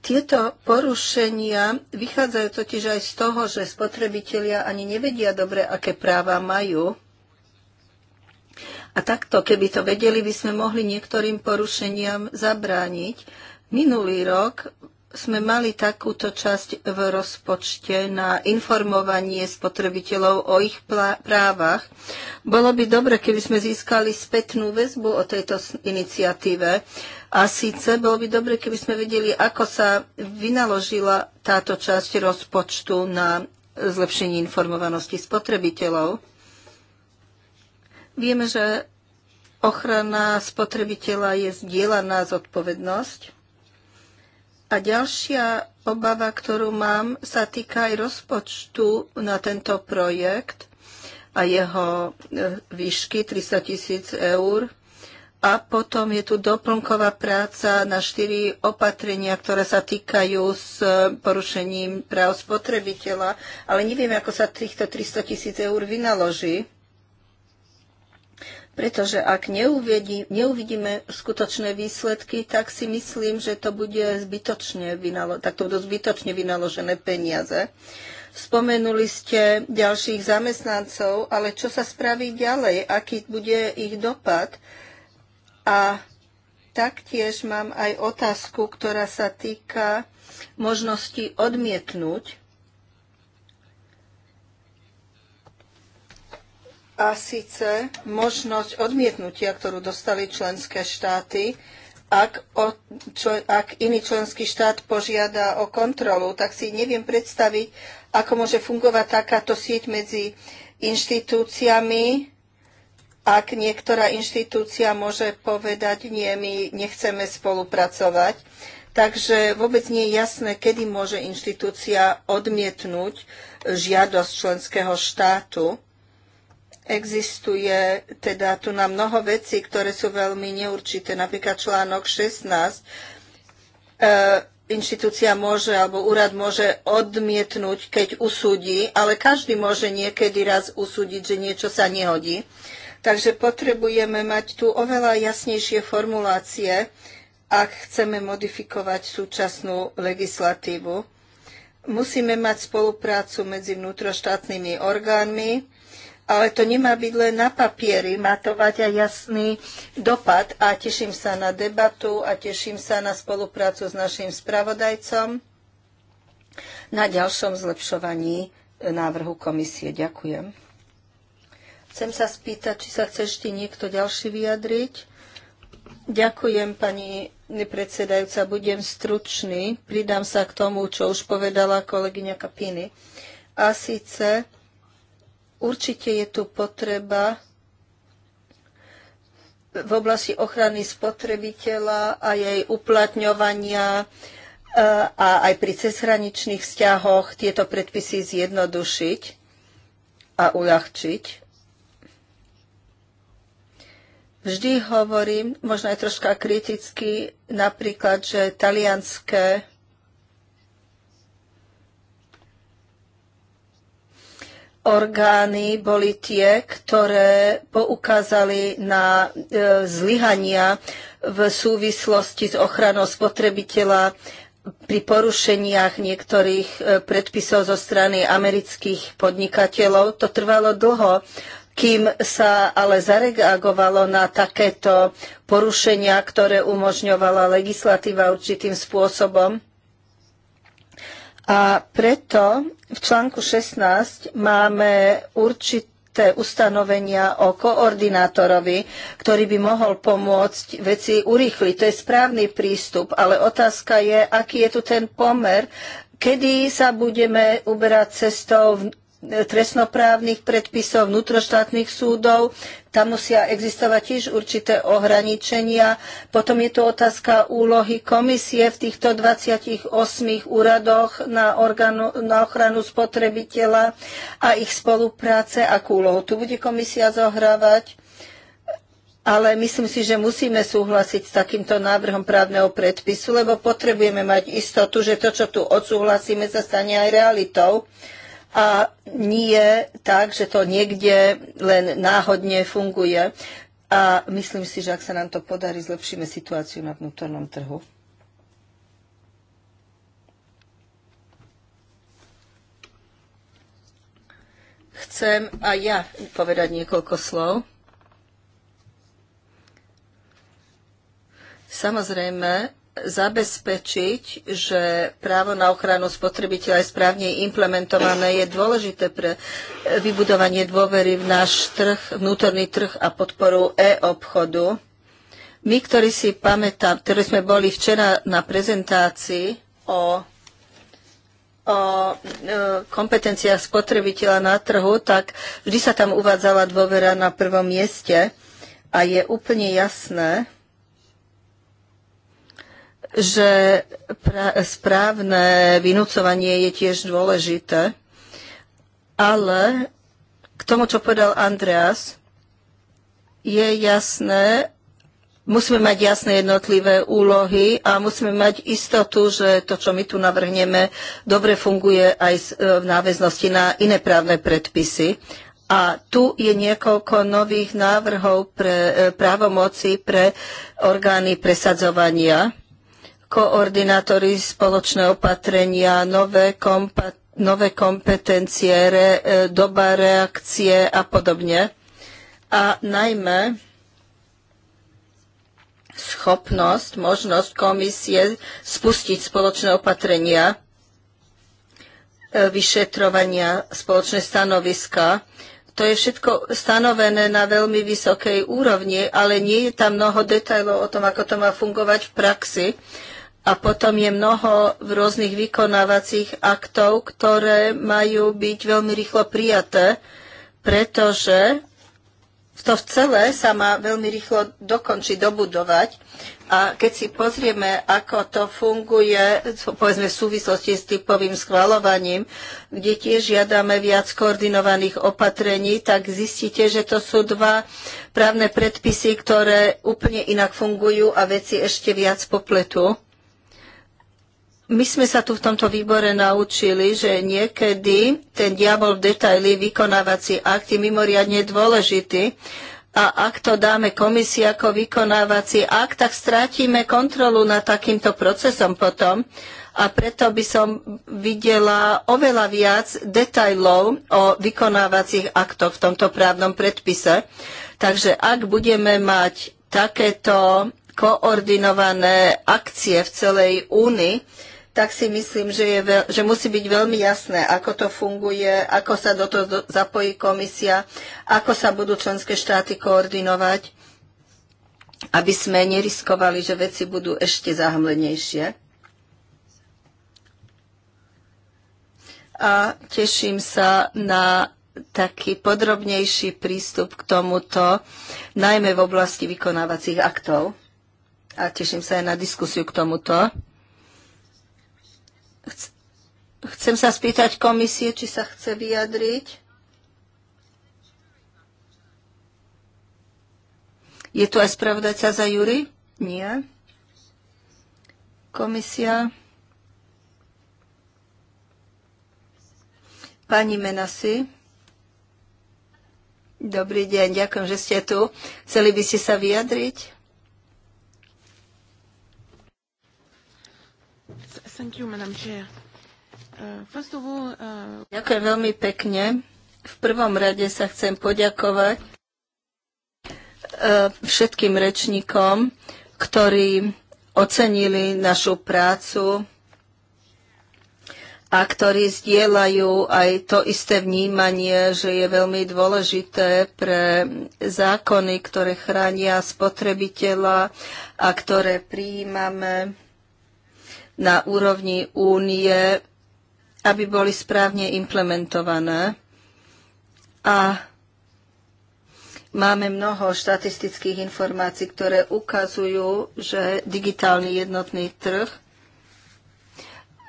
Tieto porušenia vychádzajú totiž aj z toho, že spotrebitelia ani nevedia dobre, aké práva majú. A takto, keby to vedeli, by sme mohli niektorým porušeniam zabrániť. Minulý rok sme mali takúto časť v rozpočte na informovanie spotrebiteľov o ich právach. Bolo by dobre, keby sme získali spätnú väzbu o tejto iniciatíve. A síce bolo by dobre, keby sme vedeli, ako sa vynaložila táto časť rozpočtu na zlepšenie informovanosti spotrebiteľov. Vieme, že ochrana spotrebiteľa je zdieľaná zodpovednosť a ďalšia obava, ktorú mám, sa týka aj rozpočtu na tento projekt a jeho e, výšky 300 tisíc eur. A potom je tu doplnková práca na štyri opatrenia, ktoré sa týkajú s porušením práv spotrebiteľa, ale neviem, ako sa týchto 300 tisíc eur vynaloží. Pretože ak neuvidíme skutočné výsledky, tak si myslím, že to bude zbytočne vynalo, tak to budú zbytočne vynaložené peniaze. Spomenuli ste ďalších zamestnancov, ale čo sa spraví ďalej, aký bude ich dopad? A taktiež mám aj otázku, ktorá sa týka možnosti odmietnúť a síce možnosť odmietnutia, ktorú dostali členské štáty, ak, o, čo, ak iný členský štát požiada o kontrolu, tak si neviem predstaviť, ako môže fungovať takáto sieť medzi inštitúciami, ak niektorá inštitúcia môže povedať, nie, my nechceme spolupracovať. Takže vôbec nie je jasné, kedy môže inštitúcia odmietnúť žiadosť členského štátu. Existuje teda tu na mnoho vecí, ktoré sú veľmi neurčité. Napríklad článok 16. E, inštitúcia môže alebo úrad môže odmietnúť, keď usúdi, ale každý môže niekedy raz usúdiť, že niečo sa nehodí. Takže potrebujeme mať tu oveľa jasnejšie formulácie, ak chceme modifikovať súčasnú legislatívu. Musíme mať spoluprácu medzi vnútroštátnymi orgánmi, ale to nemá byť len na papieri, má to mať aj jasný dopad a teším sa na debatu a teším sa na spoluprácu s našim spravodajcom na ďalšom zlepšovaní e, návrhu komisie. Ďakujem. Chcem sa spýtať, či sa chce ešte niekto ďalší vyjadriť. Ďakujem, pani predsedajúca. Budem stručný. Pridám sa k tomu, čo už povedala kolegyňa Kapiny. A síce Určite je tu potreba v oblasti ochrany spotrebiteľa a jej uplatňovania e, a aj pri cezhraničných vzťahoch tieto predpisy zjednodušiť a uľahčiť. Vždy hovorím, možno aj troška kriticky, napríklad, že talianské orgány boli tie, ktoré poukázali na e, zlyhania v súvislosti s ochranou spotrebiteľa pri porušeniach niektorých e, predpisov zo strany amerických podnikateľov. To trvalo dlho, kým sa ale zareagovalo na takéto porušenia, ktoré umožňovala legislatíva určitým spôsobom. A preto v článku 16 máme určité ustanovenia o koordinátorovi, ktorý by mohol pomôcť veci urýchliť. To je správny prístup, ale otázka je, aký je tu ten pomer, kedy sa budeme uberať cestou trestnoprávnych predpisov, vnútroštátnych súdov, tam musia existovať tiež určité ohraničenia. Potom je tu otázka úlohy komisie v týchto 28 úradoch na, orgánu, na ochranu spotrebiteľa a ich spolupráce, akú úlohu tu bude komisia zohrávať. Ale myslím si, že musíme súhlasiť s takýmto návrhom právneho predpisu, lebo potrebujeme mať istotu, že to, čo tu odsúhlasíme, sa stane aj realitou a nie tak, že to niekde len náhodne funguje. A myslím si, že ak sa nám to podarí, zlepšíme situáciu na vnútornom trhu. Chcem aj ja povedať niekoľko slov. Samozrejme, zabezpečiť, že právo na ochranu spotrebiteľa je správne implementované, je dôležité pre vybudovanie dôvery v náš trh, vnútorný trh a podporu e-obchodu. My, ktorí si pamätám, ktorí sme boli včera na prezentácii o o e, kompetenciách spotrebiteľa na trhu, tak vždy sa tam uvádzala dôvera na prvom mieste a je úplne jasné, že správne vynúcovanie je tiež dôležité. Ale k tomu, čo povedal Andreas, je jasné, musíme mať jasné jednotlivé úlohy a musíme mať istotu, že to, čo my tu navrhneme, dobre funguje aj e, v náväznosti na iné právne predpisy. A tu je niekoľko nových návrhov pre e, právomoci pre orgány presadzovania koordinátori spoločné opatrenia, nové, kompa- nové kompetencie, re- e, doba reakcie a podobne. A najmä schopnosť, možnosť komisie spustiť spoločné opatrenia, e, vyšetrovania, spoločné stanoviska. To je všetko stanovené na veľmi vysokej úrovni, ale nie je tam mnoho detajlov o tom, ako to má fungovať v praxi. A potom je mnoho rôznych vykonávacích aktov, ktoré majú byť veľmi rýchlo prijaté, pretože to v celé sa má veľmi rýchlo dokončiť, dobudovať. A keď si pozrieme, ako to funguje, povedzme v súvislosti s typovým schvalovaním, kde tiež žiadame viac koordinovaných opatrení, tak zistíte, že to sú dva právne predpisy, ktoré úplne inak fungujú a veci ešte viac popletu my sme sa tu v tomto výbore naučili, že niekedy ten diabol v detaily, vykonávací akt je mimoriadne dôležitý. A ak to dáme komisii ako vykonávací akt, tak strátime kontrolu nad takýmto procesom potom. A preto by som videla oveľa viac detajlov o vykonávacích aktoch v tomto právnom predpise. Takže ak budeme mať takéto koordinované akcie v celej únii, tak si myslím, že, je veľ, že musí byť veľmi jasné, ako to funguje, ako sa do toho zapojí komisia, ako sa budú členské štáty koordinovať, aby sme neriskovali, že veci budú ešte zahmlenejšie. A teším sa na taký podrobnejší prístup k tomuto, najmä v oblasti vykonávacích aktov. A teším sa aj na diskusiu k tomuto. Chcem sa spýtať komisie, či sa chce vyjadriť. Je tu aj spravodajca za Jury? Nie. Komisia. Pani Menasi. Dobrý deň, ďakujem, že ste tu. Chceli by ste sa vyjadriť? Thank you, Madam Chair. Uh, Ďakujem veľmi pekne. V prvom rade sa chcem poďakovať uh, všetkým rečníkom, ktorí ocenili našu prácu a ktorí zdieľajú aj to isté vnímanie, že je veľmi dôležité pre zákony, ktoré chránia spotrebiteľa a ktoré prijímame na úrovni únie aby boli správne implementované. A máme mnoho štatistických informácií, ktoré ukazujú, že digitálny jednotný trh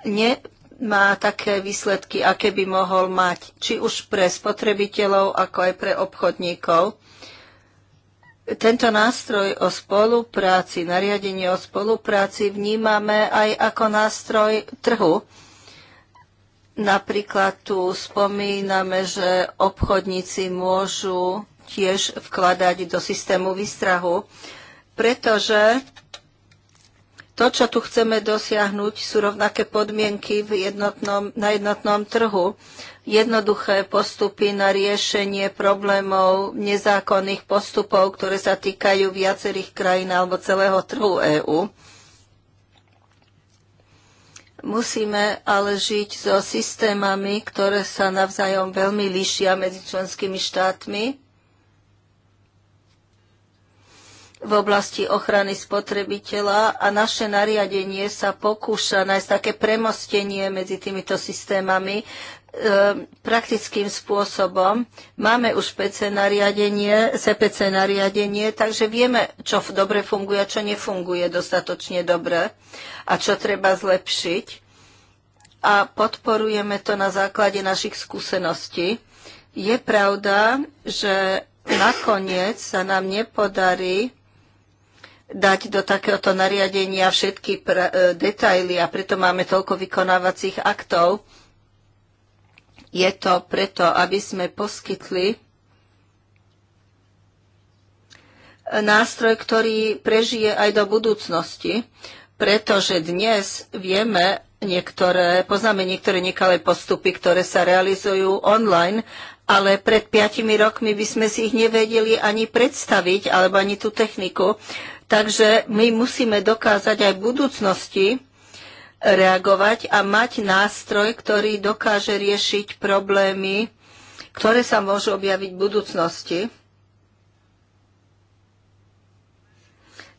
nemá také výsledky, aké by mohol mať, či už pre spotrebiteľov, ako aj pre obchodníkov. Tento nástroj o spolupráci, nariadenie o spolupráci vnímame aj ako nástroj trhu Napríklad tu spomíname, že obchodníci môžu tiež vkladať do systému výstrahu, pretože to, čo tu chceme dosiahnuť, sú rovnaké podmienky v jednotnom, na jednotnom trhu. Jednoduché postupy na riešenie problémov nezákonných postupov, ktoré sa týkajú viacerých krajín alebo celého trhu EÚ. Musíme ale žiť so systémami, ktoré sa navzájom veľmi líšia medzi členskými štátmi v oblasti ochrany spotrebiteľa a naše nariadenie sa pokúša nájsť také premostenie medzi týmito systémami, praktickým spôsobom. Máme už PC nariadenie, CPC nariadenie, takže vieme, čo dobre funguje a čo nefunguje dostatočne dobre a čo treba zlepšiť. A podporujeme to na základe našich skúseností. Je pravda, že nakoniec sa nám nepodarí dať do takéhoto nariadenia všetky e, detaily a preto máme toľko vykonávacích aktov, je to preto, aby sme poskytli nástroj, ktorý prežije aj do budúcnosti, pretože dnes vieme niektoré, poznáme niektoré nekalé postupy, ktoré sa realizujú online, ale pred piatimi rokmi by sme si ich nevedeli ani predstaviť, alebo ani tú techniku. Takže my musíme dokázať aj v budúcnosti, reagovať a mať nástroj, ktorý dokáže riešiť problémy, ktoré sa môžu objaviť v budúcnosti.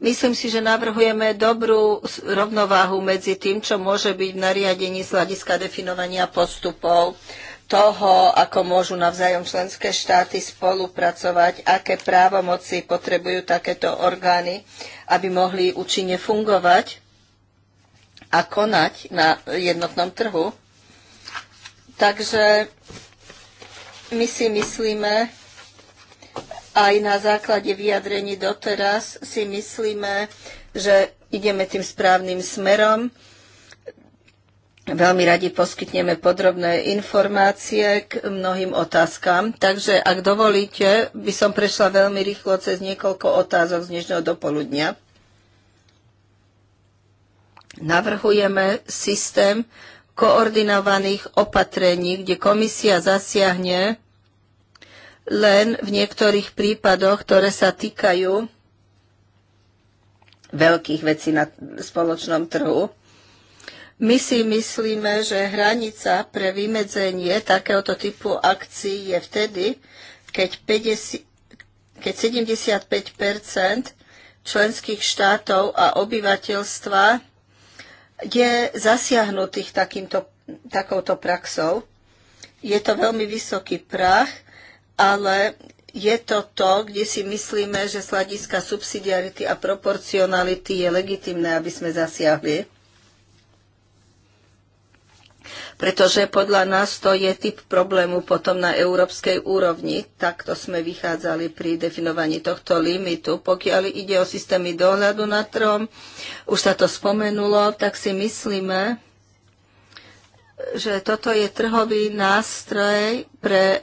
Myslím si, že navrhujeme dobrú rovnováhu medzi tým, čo môže byť v nariadení z hľadiska definovania postupov, toho, ako môžu navzájom členské štáty spolupracovať, aké právomoci potrebujú takéto orgány, aby mohli účinne fungovať a konať na jednotnom trhu. Takže my si myslíme, aj na základe vyjadrení doteraz si myslíme, že ideme tým správnym smerom. Veľmi radi poskytneme podrobné informácie k mnohým otázkam. Takže ak dovolíte, by som prešla veľmi rýchlo cez niekoľko otázok z dnešného dopoludnia. Navrhujeme systém koordinovaných opatrení, kde komisia zasiahne len v niektorých prípadoch, ktoré sa týkajú veľkých vecí na spoločnom trhu. My si myslíme, že hranica pre vymedzenie takéhoto typu akcií je vtedy, keď, 50, keď 75 členských štátov a obyvateľstva je zasiahnutých takýmto, takouto praxou. Je to veľmi vysoký prach, ale je to to, kde si myslíme, že sladiska subsidiarity a proporcionality je legitimné, aby sme zasiahli pretože podľa nás to je typ problému potom na európskej úrovni. Takto sme vychádzali pri definovaní tohto limitu. Pokiaľ ide o systémy dohľadu na trom, už sa to spomenulo, tak si myslíme, že toto je trhový nástroj pre e,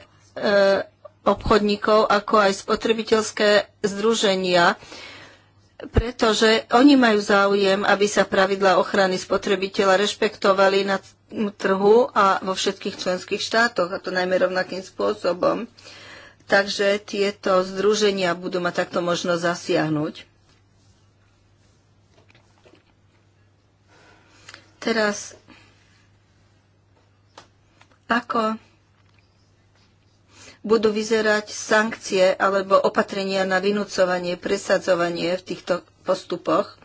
obchodníkov, ako aj spotrebiteľské združenia, pretože oni majú záujem, aby sa pravidla ochrany spotrebiteľa rešpektovali na trhu a vo všetkých členských štátoch, a to najmä rovnakým spôsobom. Takže tieto združenia budú mať takto možnosť zasiahnuť. Teraz, ako budú vyzerať sankcie alebo opatrenia na vynúcovanie, presadzovanie v týchto postupoch?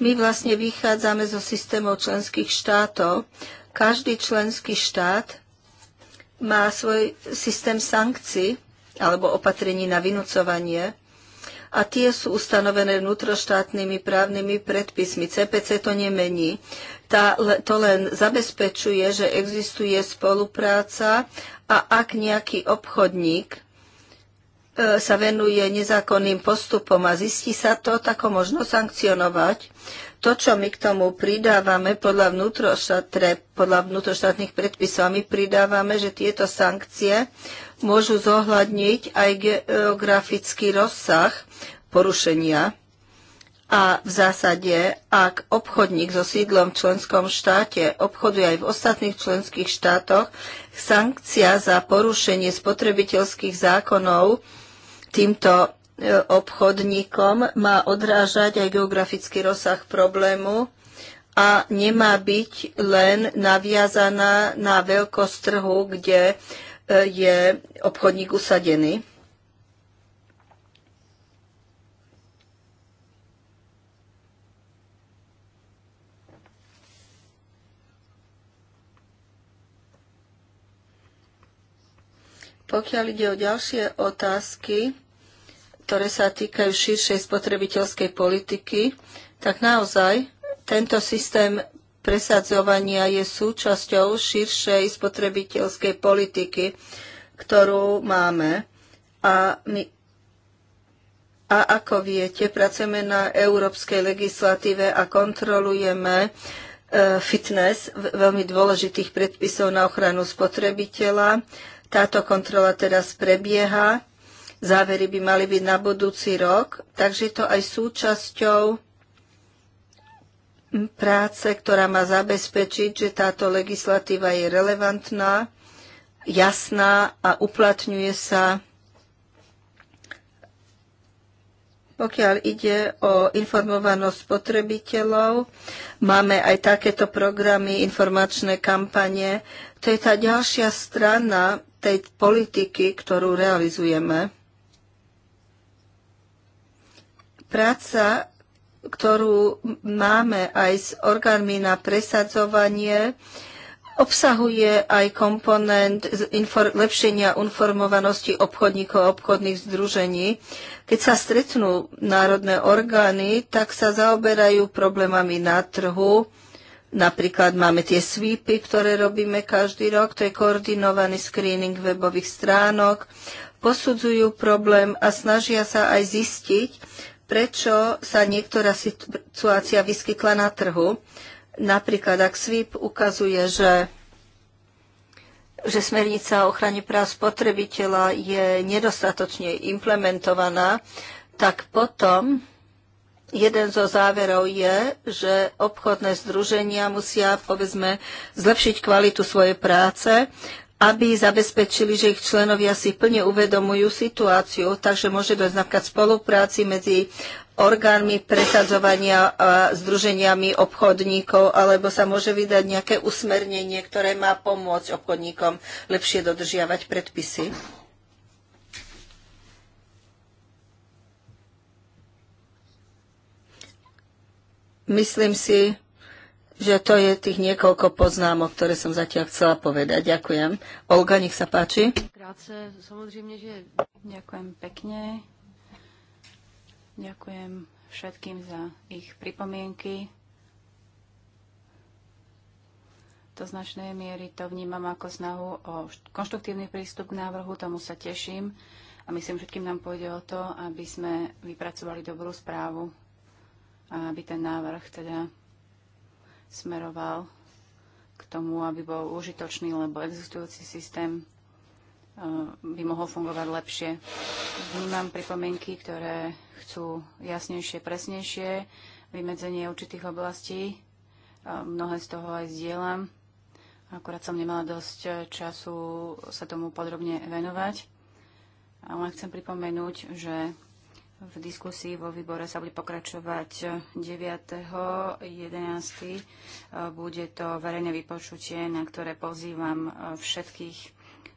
My vlastne vychádzame zo systémov členských štátov. Každý členský štát má svoj systém sankcií alebo opatrení na vynúcovanie a tie sú ustanovené vnútroštátnymi právnymi predpismi. CPC to nemení. Tá, to len zabezpečuje, že existuje spolupráca a ak nejaký obchodník E, sa venuje nezákonným postupom a zistí sa to, tak ho možno sankcionovať. To, čo my k tomu pridávame podľa, vnútrošatre, podľa vnútroštátnych predpisov, my pridávame, že tieto sankcie môžu zohľadniť aj geografický rozsah porušenia. A v zásade, ak obchodník so sídlom v členskom štáte obchoduje aj v ostatných členských štátoch, sankcia za porušenie spotrebiteľských zákonov týmto e, obchodníkom má odrážať aj geografický rozsah problému a nemá byť len naviazaná na veľkosť trhu, kde e, je obchodník usadený. Pokiaľ ide o ďalšie otázky, ktoré sa týkajú širšej spotrebiteľskej politiky, tak naozaj tento systém presadzovania je súčasťou širšej spotrebiteľskej politiky, ktorú máme. A my a ako viete, pracujeme na európskej legislatíve a kontrolujeme e, fitness veľmi dôležitých predpisov na ochranu spotrebiteľa. Táto kontrola teraz prebieha Závery by mali byť na budúci rok, takže to aj súčasťou práce, ktorá má zabezpečiť, že táto legislatíva je relevantná, jasná a uplatňuje sa Pokiaľ ide o informovanosť spotrebiteľov, máme aj takéto programy, informačné kampanie. To je tá ďalšia strana tej politiky, ktorú realizujeme. Práca, ktorú máme aj s orgánmi na presadzovanie, obsahuje aj komponent lepšenia informovanosti obchodníkov a obchodných združení. Keď sa stretnú národné orgány, tak sa zaoberajú problémami na trhu. Napríklad máme tie svípy, ktoré robíme každý rok, to je koordinovaný screening webových stránok, posudzujú problém a snažia sa aj zistiť, prečo sa niektorá situácia vyskytla na trhu. Napríklad, ak SWIP ukazuje, že že smernica o ochrane práv spotrebiteľa je nedostatočne implementovaná, tak potom jeden zo záverov je, že obchodné združenia musia, povedzme, zlepšiť kvalitu svojej práce aby zabezpečili, že ich členovia si plne uvedomujú situáciu, takže môže dojsť napríklad spolupráci medzi orgánmi presadzovania a združeniami obchodníkov, alebo sa môže vydať nejaké usmernenie, ktoré má pomôcť obchodníkom lepšie dodržiavať predpisy. Myslím si, že to je tých niekoľko poznámok, ktoré som zatiaľ chcela povedať. Ďakujem. Olga, nech sa páči. Krátce, samozrejme, že ďakujem pekne. Ďakujem všetkým za ich pripomienky. Do značnej miery to vnímam ako snahu o konštruktívny prístup k návrhu, tomu sa teším a myslím, všetkým nám pôjde o to, aby sme vypracovali dobrú správu a aby ten návrh teda smeroval k tomu, aby bol užitočný, lebo existujúci systém e, by mohol fungovať lepšie. Vnímam pripomienky, ktoré chcú jasnejšie, presnejšie vymedzenie určitých oblastí. E, mnohé z toho aj zdieľam. Akurát som nemala dosť e, času sa tomu podrobne venovať. Ale chcem pripomenúť, že v diskusii vo výbore sa bude pokračovať 9.11. E, bude to verejné vypočutie, na ktoré pozývam e, všetkých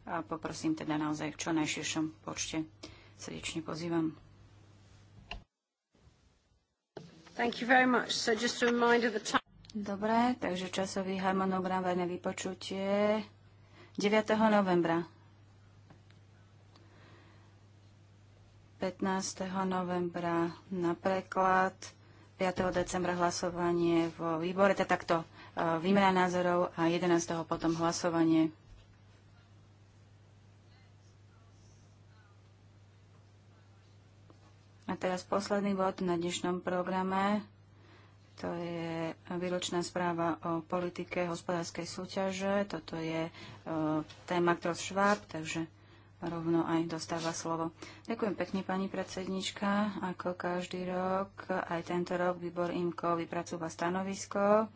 a poprosím teda naozaj v čo najširšom počte. Srdečne pozývam. Thank you very much. So just a reminder the time. Dobre, takže časový harmonogram verejné vypočutie 9. novembra. 15. novembra na preklad, 5. decembra hlasovanie vo výbore, to takto e, výmena názorov a 11. potom hlasovanie. A teraz posledný bod na dnešnom programe. To je výročná správa o politike hospodárskej súťaže. Toto je uh, téma Kroz Šváb, takže rovno aj dostáva slovo. Ďakujem pekne, pani predsednička. Ako každý rok, aj tento rok výbor IMKO vypracúva stanovisko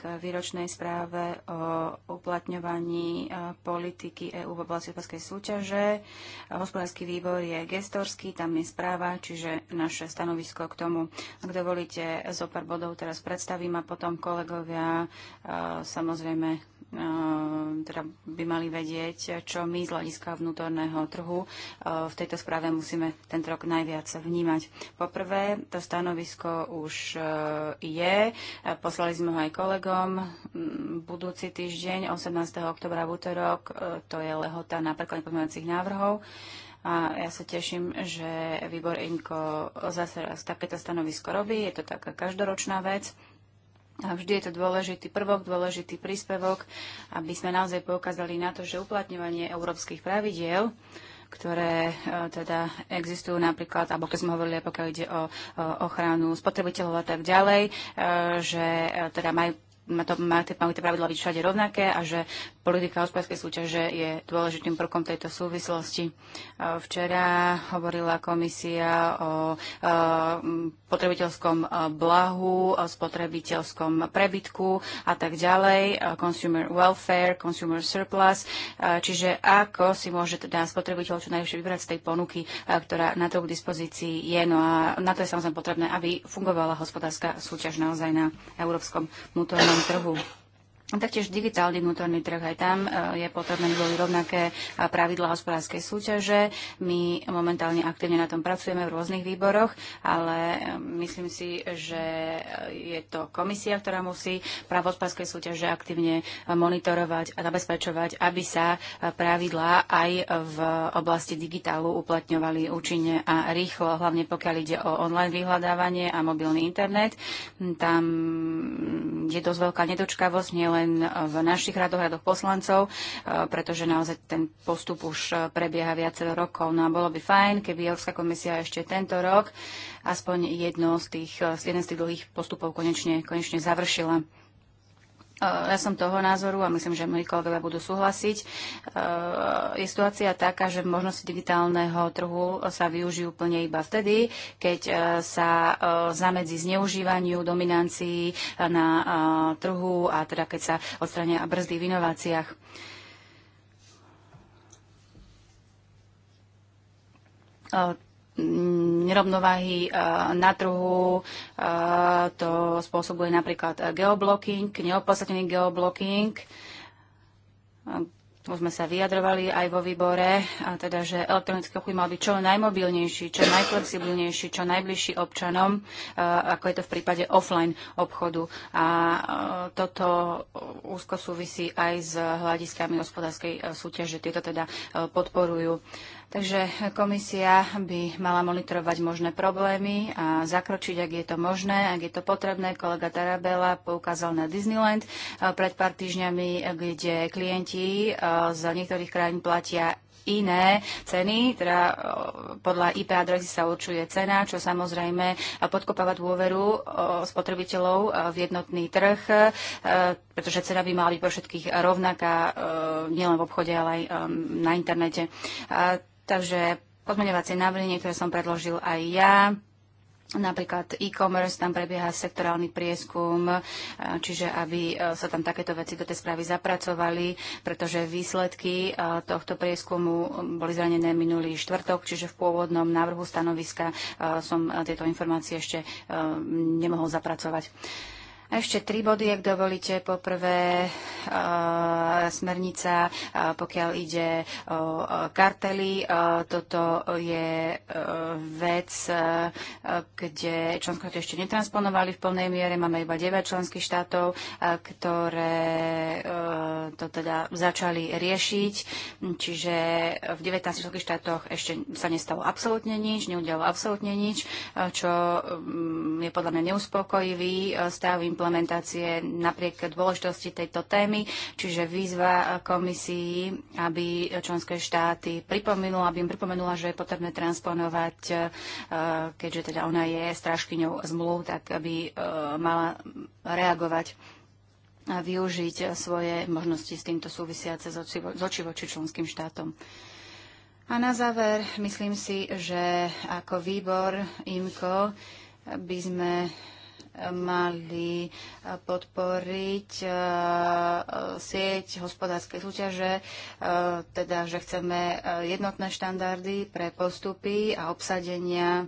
k výročnej správe o uplatňovaní e, politiky EÚ v oblasti hospodárskej súťaže. Hospodársky výbor je gestorský, tam je správa, čiže naše stanovisko k tomu. Ak dovolíte, zo pár bodov teraz predstavím a potom kolegovia e, samozrejme teda by mali vedieť, čo my z hľadiska vnútorného trhu v tejto správe musíme tento rok najviac vnímať. Poprvé, to stanovisko už e, je, poslali sme ho aj kolegom. Mm, budúci týždeň, 18. oktobra v útorok, e, to je lehota na preklade pozmeňovacích návrhov. A ja sa teším, že výbor INKO zase raz takéto stanovisko robí. Je to taká každoročná vec. A vždy je to dôležitý prvok, dôležitý príspevok, aby sme naozaj poukázali na to, že uplatňovanie európskych pravidiel ktoré e, teda existujú napríklad, alebo keď sme hovorili, pokiaľ ide o, ochranu spotrebiteľov a tak ďalej, e, že e, teda majú má majú tie pravidla byť všade rovnaké a že Politika hospodárskej súťaže je dôležitým prvkom tejto súvislosti. Včera hovorila komisia o potrebiteľskom blahu, o spotrebiteľskom prebytku a tak ďalej, consumer welfare, consumer surplus, čiže ako si môže teda spotrebiteľ čo najlepšie vybrať z tej ponuky, ktorá na to k dispozícii je. No a na to je samozrejme potrebné, aby fungovala hospodárska súťaž naozaj na európskom vnútornom trhu. Taktiež digitálny vnútorný trh, aj tam e, je potrebné boli rovnaké e, pravidlá hospodárskej súťaže. My momentálne aktívne na tom pracujeme v rôznych výboroch, ale e, myslím si, že je to komisia, ktorá musí právo hospodárskej súťaže aktívne monitorovať a zabezpečovať, aby sa pravidlá aj v oblasti digitálu uplatňovali účinne a rýchlo, hlavne pokiaľ ide o online vyhľadávanie a mobilný internet. Tam mm, je dosť veľká nedočkavosť, nielen len v našich radoch, radoch poslancov, e, pretože naozaj ten postup už e, prebieha viacero rokov. No a bolo by fajn, keby Európska komisia ešte tento rok aspoň jedno z tých, e, jeden z tých dlhých postupov konečne, konečne završila. Eh, ja som toho názoru a myslím, že moji kolegovia budú súhlasiť, eh, je situácia taká, že možnosti digitálneho trhu sa využijú plne iba vtedy, keď eh, sa zamedzi zneužívaniu, dominancii na trhu a teda keď sa odstrania brzdy v inováciách nerovnováhy e, na trhu. E, to spôsobuje napríklad e, geoblocking, neopodstatnený geoblocking. tu sme sa vyjadrovali aj vo výbore, a teda, že elektronický obchod mal byť čo najmobilnejší, čo najflexibilnejší, čo najbližší občanom, ako je to v prípade offline obchodu. A toto úzko súvisí aj s hľadiskami hospodárskej súťaže. Tieto teda podporujú. Takže komisia by mala monitorovať možné problémy a zakročiť, ak je to možné, ak je to potrebné. Kolega Tarabela poukázal na Disneyland e, pred pár týždňami, e, kde klienti e, z niektorých krajín platia iné ceny, teda podľa IP adresy sa určuje cena, čo samozrejme podkopáva dôveru spotrebiteľov v jednotný trh, pretože cena by mala byť pre všetkých rovnaká, nielen v obchode, ale aj na internete. Takže podmenovacie návrhy, ktoré som predložil aj ja, Napríklad e-commerce, tam prebieha sektorálny prieskum, e, čiže aby e, sa tam takéto veci do tej správy zapracovali, pretože výsledky e, tohto prieskumu boli zranené minulý štvrtok, čiže v pôvodnom návrhu stanoviska som tieto informácie ešte nemohol zapracovať. Ešte tri body, ak dovolíte. Poprvé eh, smernica, eh, pokiaľ ide o kartely. Eh, toto je vec, kde členské štáty ešte netransponovali v plnej miere. Máme iba 9 členských štátov, ktoré to teda začali riešiť. Čiže v 19 členských štátoch ešte sa nestalo absolútne nič, neudialo absolútne nič, čo mm, je podľa mňa neuspokojivý stav implementácie napriek dôležitosti tejto témy, čiže výzva komisii, aby členské štáty pripomenula, aby im pripomenula, že je potrebné transponovať, e, keďže teda ona je strážkyňou zmluv, tak aby e, mala reagovať a využiť svoje možnosti s týmto súvisiace z oči voči členským štátom. A na záver myslím si, že ako výbor IMCO by sme mali podporiť e, e, sieť hospodárskej súťaže, e, teda že chceme jednotné štandardy pre postupy a obsadenia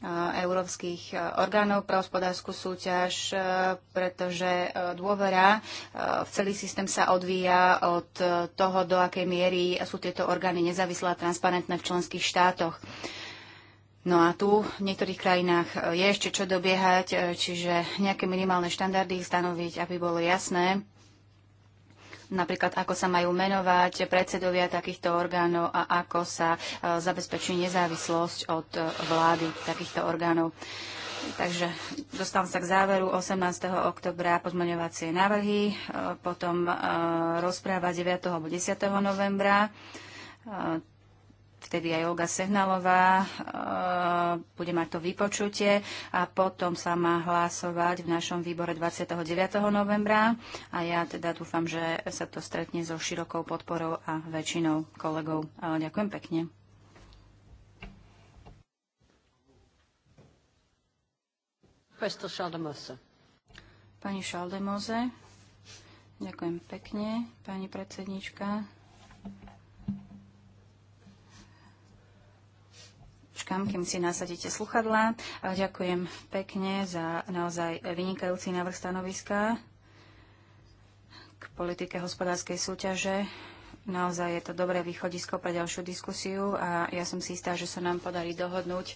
európskych orgánov pre hospodárskú súťaž, pretože dôvera v celý systém sa odvíja od toho, do akej miery sú tieto orgány nezávislé a transparentné v členských štátoch. No a tu v niektorých krajinách je ešte čo dobiehať, e, čiže nejaké minimálne štandardy stanoviť, aby bolo jasné, napríklad ako sa majú menovať predsedovia takýchto orgánov a ako sa e, zabezpečí nezávislosť od e, vlády takýchto orgánov. Takže dostávam sa k záveru 18. oktobra pozmeňovacie návrhy, potom rozpráva 9. alebo 10. novembra vtedy aj Olga Sehnalová e, bude mať to vypočutie a potom sa má hlasovať v našom výbore 29. novembra a ja teda dúfam, že sa to stretne so širokou podporou a väčšinou kolegov. E, ďakujem pekne. Pani Šaldemoze, ďakujem pekne, pani predsednička. predrečníčkam, kým si nasadíte sluchadlá. Ďakujem pekne za naozaj vynikajúci návrh stanoviska k politike hospodárskej súťaže. Naozaj je to dobré východisko pre ďalšiu diskusiu a ja som si istá, že sa nám podarí dohodnúť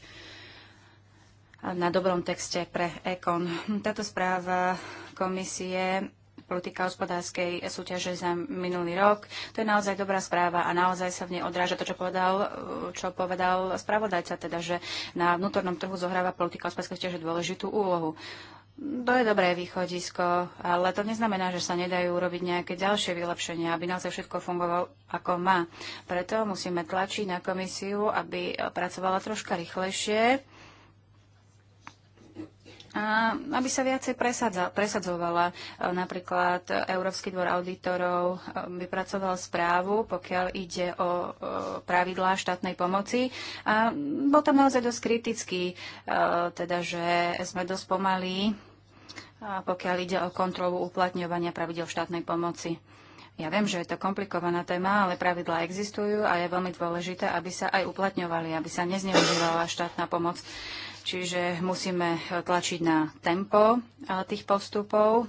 na dobrom texte pre EKON. Táto správa komisie politika hospodárskej súťaže za minulý rok. To je naozaj dobrá správa a naozaj sa v nej odráža to, čo povedal, čo povedal spravodajca, teda, že na vnútornom trhu zohráva politika hospodárskej súťaže dôležitú úlohu. To je dobré východisko, ale to neznamená, že sa nedajú urobiť nejaké ďalšie vylepšenia, aby naozaj všetko fungovalo ako má. Preto musíme tlačiť na komisiu, aby pracovala troška rýchlejšie a aby sa viacej presadzovala. E, napríklad e, Európsky dvor auditorov e, vypracoval správu, pokiaľ ide o pravidlá štátnej pomoci. A bol tam naozaj dosť kritický, teda, že sme dosť pomalí, pokiaľ ide o kontrolu uplatňovania pravidel štátnej pomoci. Ja viem, že je to komplikovaná téma, ale pravidlá existujú a je veľmi dôležité, aby sa aj uplatňovali, aby sa nezneužívala štátna pomoc. Čiže musíme eh, tlačiť na tempo eh, tých postupov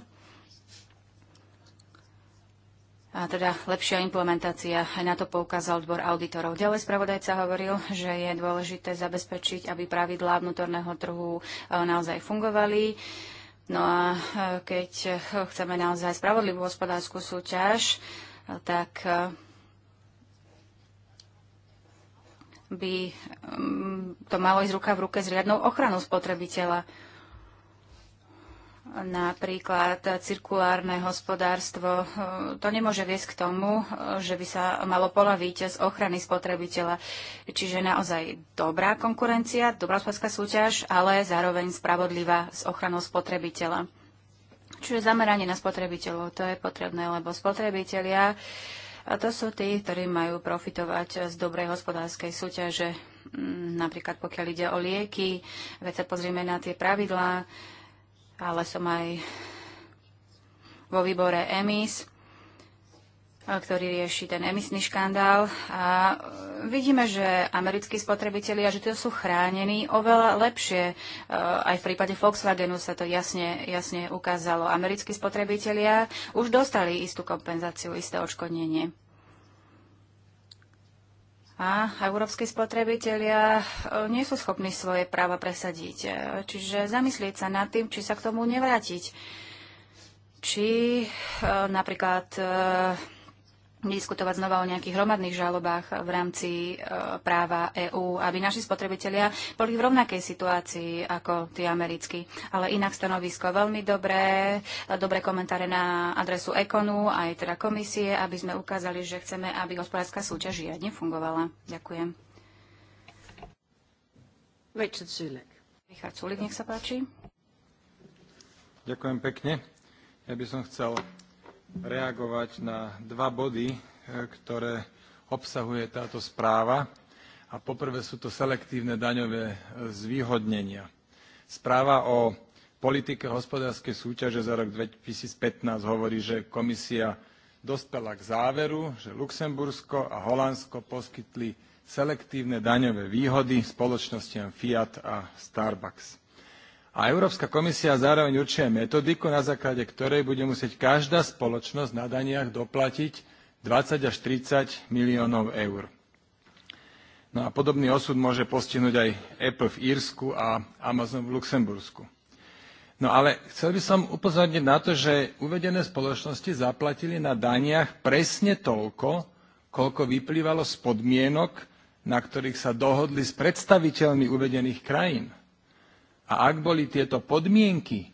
a teda lepšia implementácia. Aj na to poukázal odbor auditorov. Ďalej spravodajca hovoril, že je dôležité zabezpečiť, aby pravidlá vnútorného trhu eh, naozaj fungovali. No a keď chceme naozaj spravodlivú hospodárskú súťaž, tak by mm, to malo ísť ruka v ruke s riadnou ochranou spotrebiteľa. Napríklad cirkulárne hospodárstvo. E, to nemôže viesť k tomu, e, že by sa malo polaviť z ochrany spotrebiteľa. Čiže naozaj dobrá konkurencia, dobrá spodská súťaž, ale zároveň spravodlivá s ochranou spotrebiteľa. Čiže zameranie na spotrebiteľov, to je potrebné, lebo spotrebitelia uh, a to sú tí, ktorí majú profitovať z dobrej hospodárskej súťaže. Mm, napríklad pokiaľ ide o lieky, veď sa pozrieme na tie pravidlá, ale som aj vo výbore EMIS ktorý rieši ten emisný škandál. A e, vidíme, že americkí spotrebitelia, že to sú chránení oveľa lepšie. E, aj v prípade Volkswagenu sa to jasne, jasne ukázalo. Americkí spotrebitelia už dostali istú kompenzáciu, isté odškodnenie. A európsky spotrebitelia e, nie sú schopní svoje práva presadiť. Čiže zamyslieť sa nad tým, či sa k tomu nevrátiť. Či napríklad diskutovať znova o nejakých hromadných žalobách v rámci e, práva EÚ, aby naši spotrebitelia boli v rovnakej situácii ako tí americkí. Ale inak stanovisko veľmi dobré, dobré komentáre na adresu Ekonu aj teda komisie, aby sme ukázali, že chceme, aby hospodárska súťaž žiadne fungovala. Ďakujem. Richard Sulek. Richard Sulek, nech sa páči. Ďakujem pekne. Ja by som chcel reagovať na dva body, eh, ktoré obsahuje táto správa. A poprvé sú to selektívne daňové eh, zvýhodnenia. Správa o politike hospodárskej súťaže za rok 2015 hovorí, že komisia dospela k záveru, že Luxembursko a Holandsko poskytli selektívne daňové výhody spoločnostiam Fiat a Starbucks. A Európska komisia zároveň určuje metodiku, na základe ktorej bude musieť každá spoločnosť na daniach doplatiť 20 až 30 miliónov eur. No a podobný osud môže postihnúť aj Apple v Írsku a Amazon v Luxembursku. No ale chcel by som upozorniť na to, že uvedené spoločnosti zaplatili na daniach presne toľko, koľko vyplývalo z podmienok, na ktorých sa dohodli s predstaviteľmi uvedených krajín. A ak boli tieto podmienky,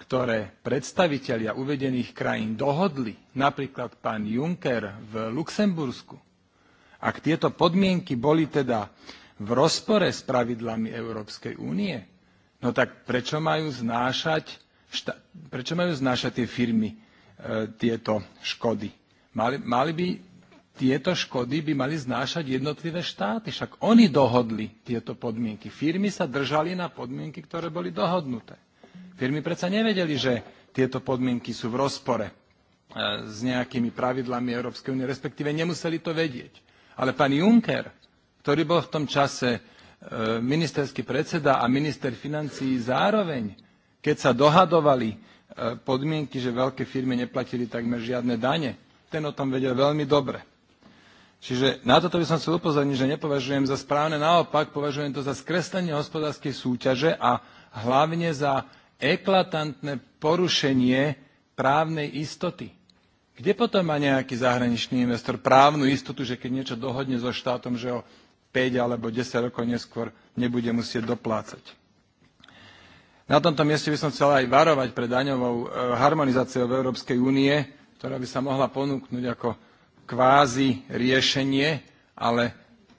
ktoré predstavitelia uvedených krajín dohodli, napríklad pán Juncker v Luxembursku, ak tieto podmienky boli teda v rozpore s pravidlami Európskej únie, no tak prečo majú znášať, šta, prečo majú znášať tie firmy e, tieto škody? Mali, mali by tieto škody by mali znášať jednotlivé štáty. Však oni dohodli tieto podmienky. Firmy sa držali na podmienky, ktoré boli dohodnuté. Firmy predsa nevedeli, že tieto podmienky sú v rozpore e, s nejakými pravidlami Európskej únie, respektíve nemuseli to vedieť. Ale pán Juncker, ktorý bol v tom čase e, ministerský predseda a minister financií zároveň, keď sa dohadovali e, podmienky, že veľké firmy neplatili takmer žiadne dane, ten o tom vedel veľmi dobre. Čiže na toto by som chcel upozorniť, že nepovažujem za správne, naopak považujem to za skreslenie hospodárskej súťaže a hlavne za eklatantné porušenie právnej istoty. Kde potom má nejaký zahraničný investor právnu istotu, že keď niečo dohodne so štátom, že o 5 alebo 10 rokov neskôr nebude musieť doplácať? Na tomto mieste by som chcel aj varovať pred daňovou e, harmonizáciou v Európskej únie, ktorá by sa mohla ponúknuť ako kvázi riešenie, ale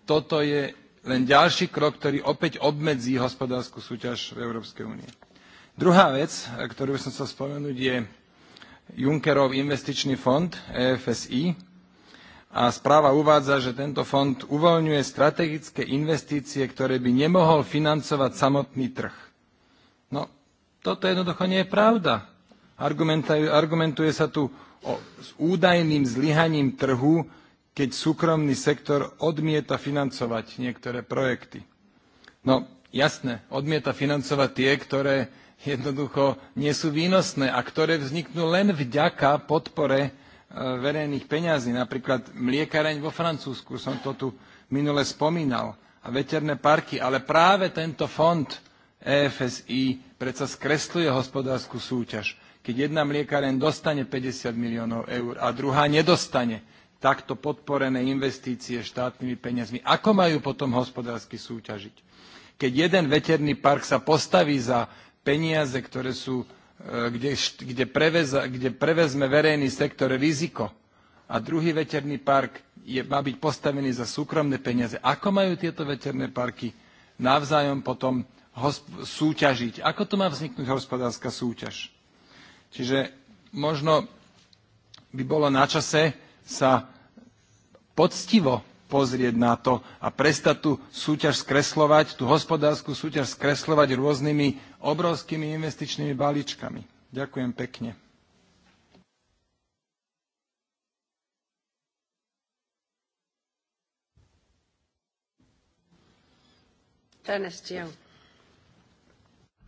toto je len ďalší krok, ktorý opäť obmedzí hospodárskú súťaž v Európskej únie. Druhá vec, ktorú by som chcel spomenúť, je Junckerov investičný fond EFSI a správa uvádza, že tento fond uvoľňuje strategické investície, ktoré by nemohol financovať samotný trh. No, toto jednoducho nie je pravda. Argumentuje sa tu o, s údajným zlyhaním trhu, keď súkromný sektor odmieta financovať niektoré projekty. No jasné, odmieta financovať tie, ktoré jednoducho nie sú výnosné a ktoré vzniknú len vďaka podpore e, verejných peňazí. Napríklad mliekareň vo Francúzsku, som to tu minule spomínal, a veterné parky, ale práve tento fond EFSI predsa skresluje hospodárskú súťaž keď jedna mliekaren dostane 50 miliónov eur a druhá nedostane takto podporené investície štátnymi peniazmi, ako majú potom hospodársky súťažiť? Keď jeden veterný park sa postaví za peniaze, ktoré sú, e, kde, kde, preveza, kde prevezme verejný sektor riziko a druhý veterný park je, má byť postavený za súkromné peniaze, ako majú tieto veterné parky navzájom potom súťažiť? Ako to má vzniknúť hospodárska súťaž? Čiže možno by bolo na čase sa poctivo pozrieť na to a prestať tú súťaž skreslovať, tú hospodárskú súťaž skreslovať rôznymi obrovskými investičnými balíčkami. Ďakujem pekne.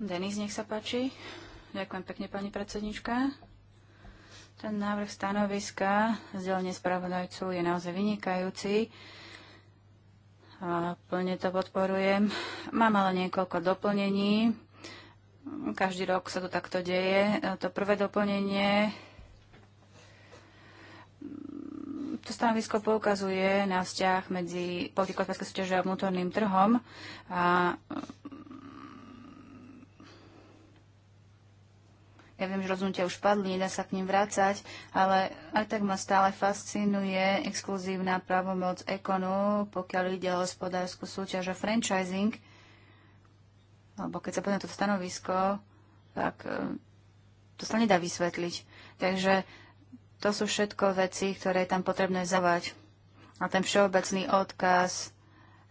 Denis, nech sa páči. Ďakujem pekne, pani predsednička. Ten návrh stanoviska zdelenie spravodajcu je naozaj vynikajúci. A plne to podporujem. Mám ale niekoľko doplnení. Každý rok sa to takto deje. To prvé doplnenie to stanovisko poukazuje na vzťah medzi politikou súťaže a vnútorným trhom a Ja viem, že rozhodnutia už padli, nedá sa k ním vrácať, ale aj tak ma stále fascinuje exkluzívna právomoc ekonu, pokiaľ ide o hospodárskú súťaž a franchising. Alebo keď sa pozrie to stanovisko, tak e, to sa nedá vysvetliť. Takže to sú všetko veci, ktoré je tam potrebné zavať. A ten všeobecný odkaz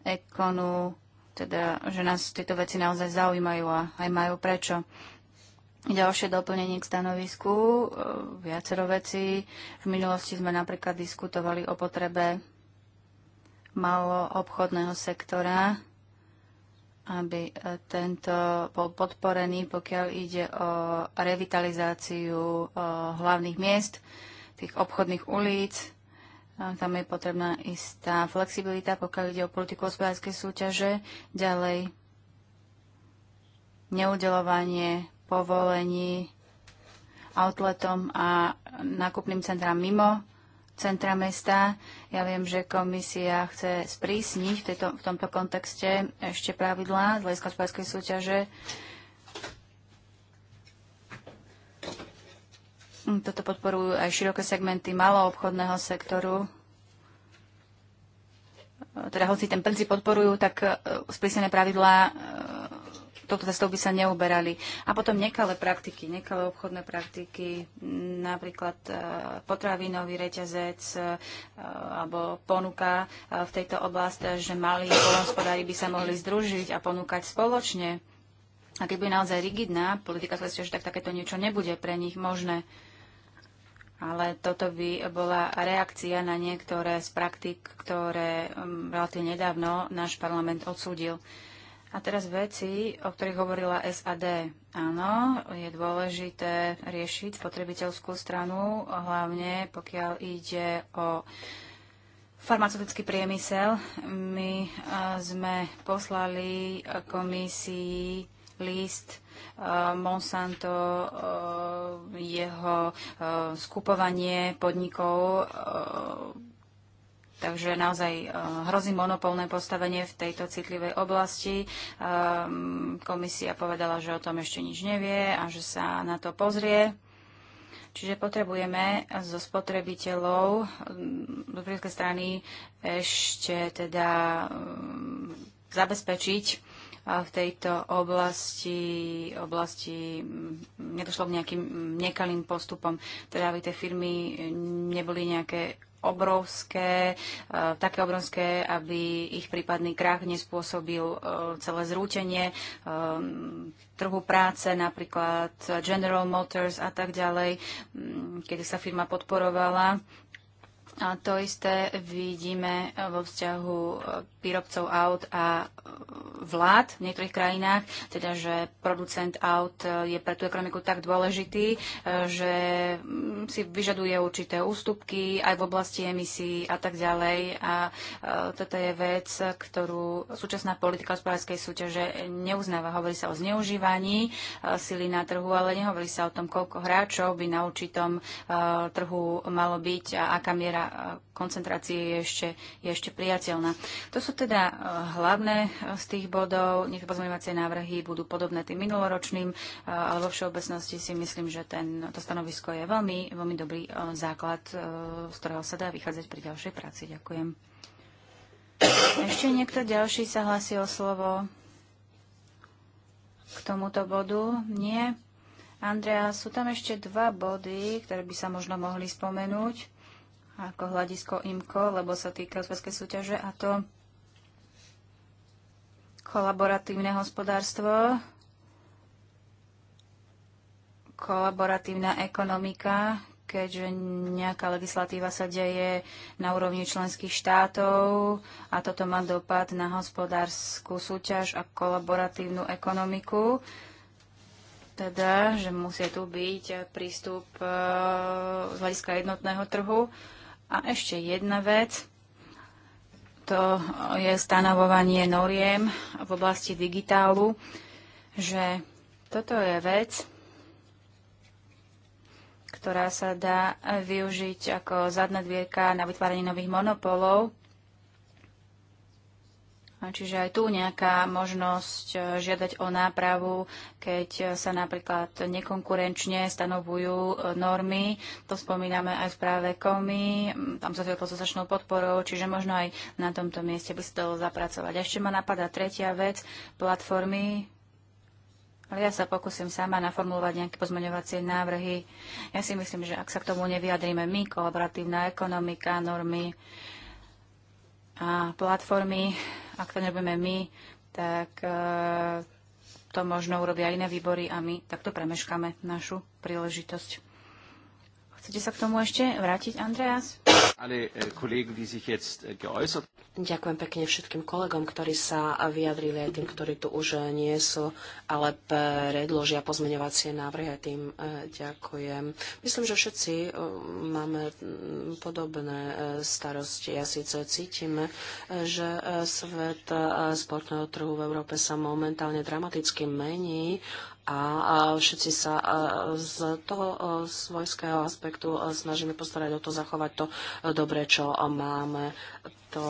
ekonu, teda, že nás tieto veci naozaj zaujímajú a aj majú prečo. Ďalšie doplnenie k stanovisku. E, viacero vecí. V minulosti sme napríklad diskutovali o potrebe malo obchodného sektora, aby e, tento bol podporený, pokiaľ ide o revitalizáciu e, hlavných miest, tých obchodných ulic. Tam je potrebná istá flexibilita, pokiaľ ide o politiku hospodárskej súťaže. Ďalej neudelovanie povolení outletom a nákupným centram mimo centra mesta. Ja viem, že komisia chce sprísniť v, tejto, v tomto kontexte ešte pravidlá z hľadiska hospodárskej súťaže. Toto podporujú aj široké segmenty maloobchodného sektoru. Teda hoci ten princíp podporujú, tak e, sprísnené pravidlá e, toto cestou by sa neuberali. A potom nekalé praktiky, nekalé obchodné praktiky, napríklad e, potravinový reťazec e, alebo ponuka e, v tejto oblasti, že malí polnospodári by sa mohli združiť a ponúkať spoločne. A keď bude naozaj rigidná politika že tak takéto niečo nebude pre nich možné. Ale toto by bola reakcia na niektoré z praktik, ktoré relatívne nedávno náš parlament odsúdil. A teraz veci, o ktorých hovorila SAD. Áno, je dôležité riešiť spotrebiteľskú stranu, hlavne pokiaľ ide o farmaceutický priemysel. My e, sme poslali e, komisii list e, Monsanto, jeho skupovanie podnikov Takže naozaj eh, hrozí monopolné postavenie v tejto citlivej oblasti. Ehm, komisia povedala, že o tom ešte nič nevie a že sa na to pozrie. Čiže potrebujeme zo spotrebiteľov do ehm, prískej strany ešte teda ehm, zabezpečiť v tejto oblasti, oblasti mm, nedošlo k nejakým mm, nekalým postupom, teda aby tie firmy mm, neboli nejaké obrovské, e, také obrovské, aby ich prípadný krach nespôsobil e, celé zrútenie e, trhu práce, napríklad General Motors a tak ďalej, kedy sa firma podporovala a to isté vidíme vo vzťahu e, výrobcov aut a e, vlád v niektorých krajinách, teda že producent aut e, je pre tú ekonomiku tak dôležitý, že mm, si vyžaduje určité ústupky aj v oblasti emisí a tak ďalej. A toto je vec, ktorú súčasná politika hospodárskej súťaže neuznáva. Hovorí sa o zneužívaní sily na trhu, ale nehovorí sa o tom, koľko hráčov by na určitom trhu malo byť a aká miera koncentrácie je ešte, je ešte priateľná. To sú teda e, hlavné e, z tých bodov. Nech pozmeňovacie návrhy budú podobné tým minuloročným, e, ale vo všeobecnosti si myslím, že ten, to stanovisko je veľmi, veľmi dobrý základ, z ktorého sa dá vychádzať pri ďalšej práci. Ďakujem. Ešte niekto ďalší sa hlasí o slovo k tomuto bodu? Nie. Andrea, sú tam ešte dva body, ktoré by sa možno mohli spomenúť ako hľadisko IMCO, lebo sa týka hospodárskej súťaže a to kolaboratívne hospodárstvo, kolaboratívna ekonomika, keďže nejaká legislatíva sa deje na úrovni členských štátov a toto má dopad na hospodárskú súťaž a kolaboratívnu ekonomiku. Teda, že musí tu byť prístup eh, z hľadiska jednotného trhu a ešte jedna vec, to je stanovovanie noriem v oblasti digitálu, že toto je vec, ktorá sa dá využiť ako zadná dvierka na vytváranie nových monopolov Čiže aj tu nejaká možnosť e, žiadať o nápravu, keď e, sa napríklad nekonkurenčne stanovujú e, normy. To spomíname aj v práve komy, tam sa to so podporou, čiže možno aj na tomto mieste by sa dalo zapracovať. ešte ma napadá tretia vec, platformy, ale ja sa pokúsim sama naformulovať nejaké pozmeňovacie návrhy. Ja si myslím, že ak sa k tomu nevyjadríme my, kolaboratívna ekonomika, normy a platformy, ak to nebudeme my, tak e, to možno urobia iné výbory a my takto premeškáme našu príležitosť. Chcete sa k tomu ešte vrátiť, Andreas? Äh, äh, ďakujem pekne všetkým kolegom, ktorí sa vyjadrili aj tým, ktorí tu už äh, nie sú, ale predložia pozmeňovacie návrhy aj tým ďakujem. Myslím, že všetci máme mm, podobné starosti. Ja síce cítim, že svet sportného trhu v Európe sa momentálne dramaticky mení a všetci sa z toho svojského aspektu snažíme postarať o to zachovať to dobre, čo máme to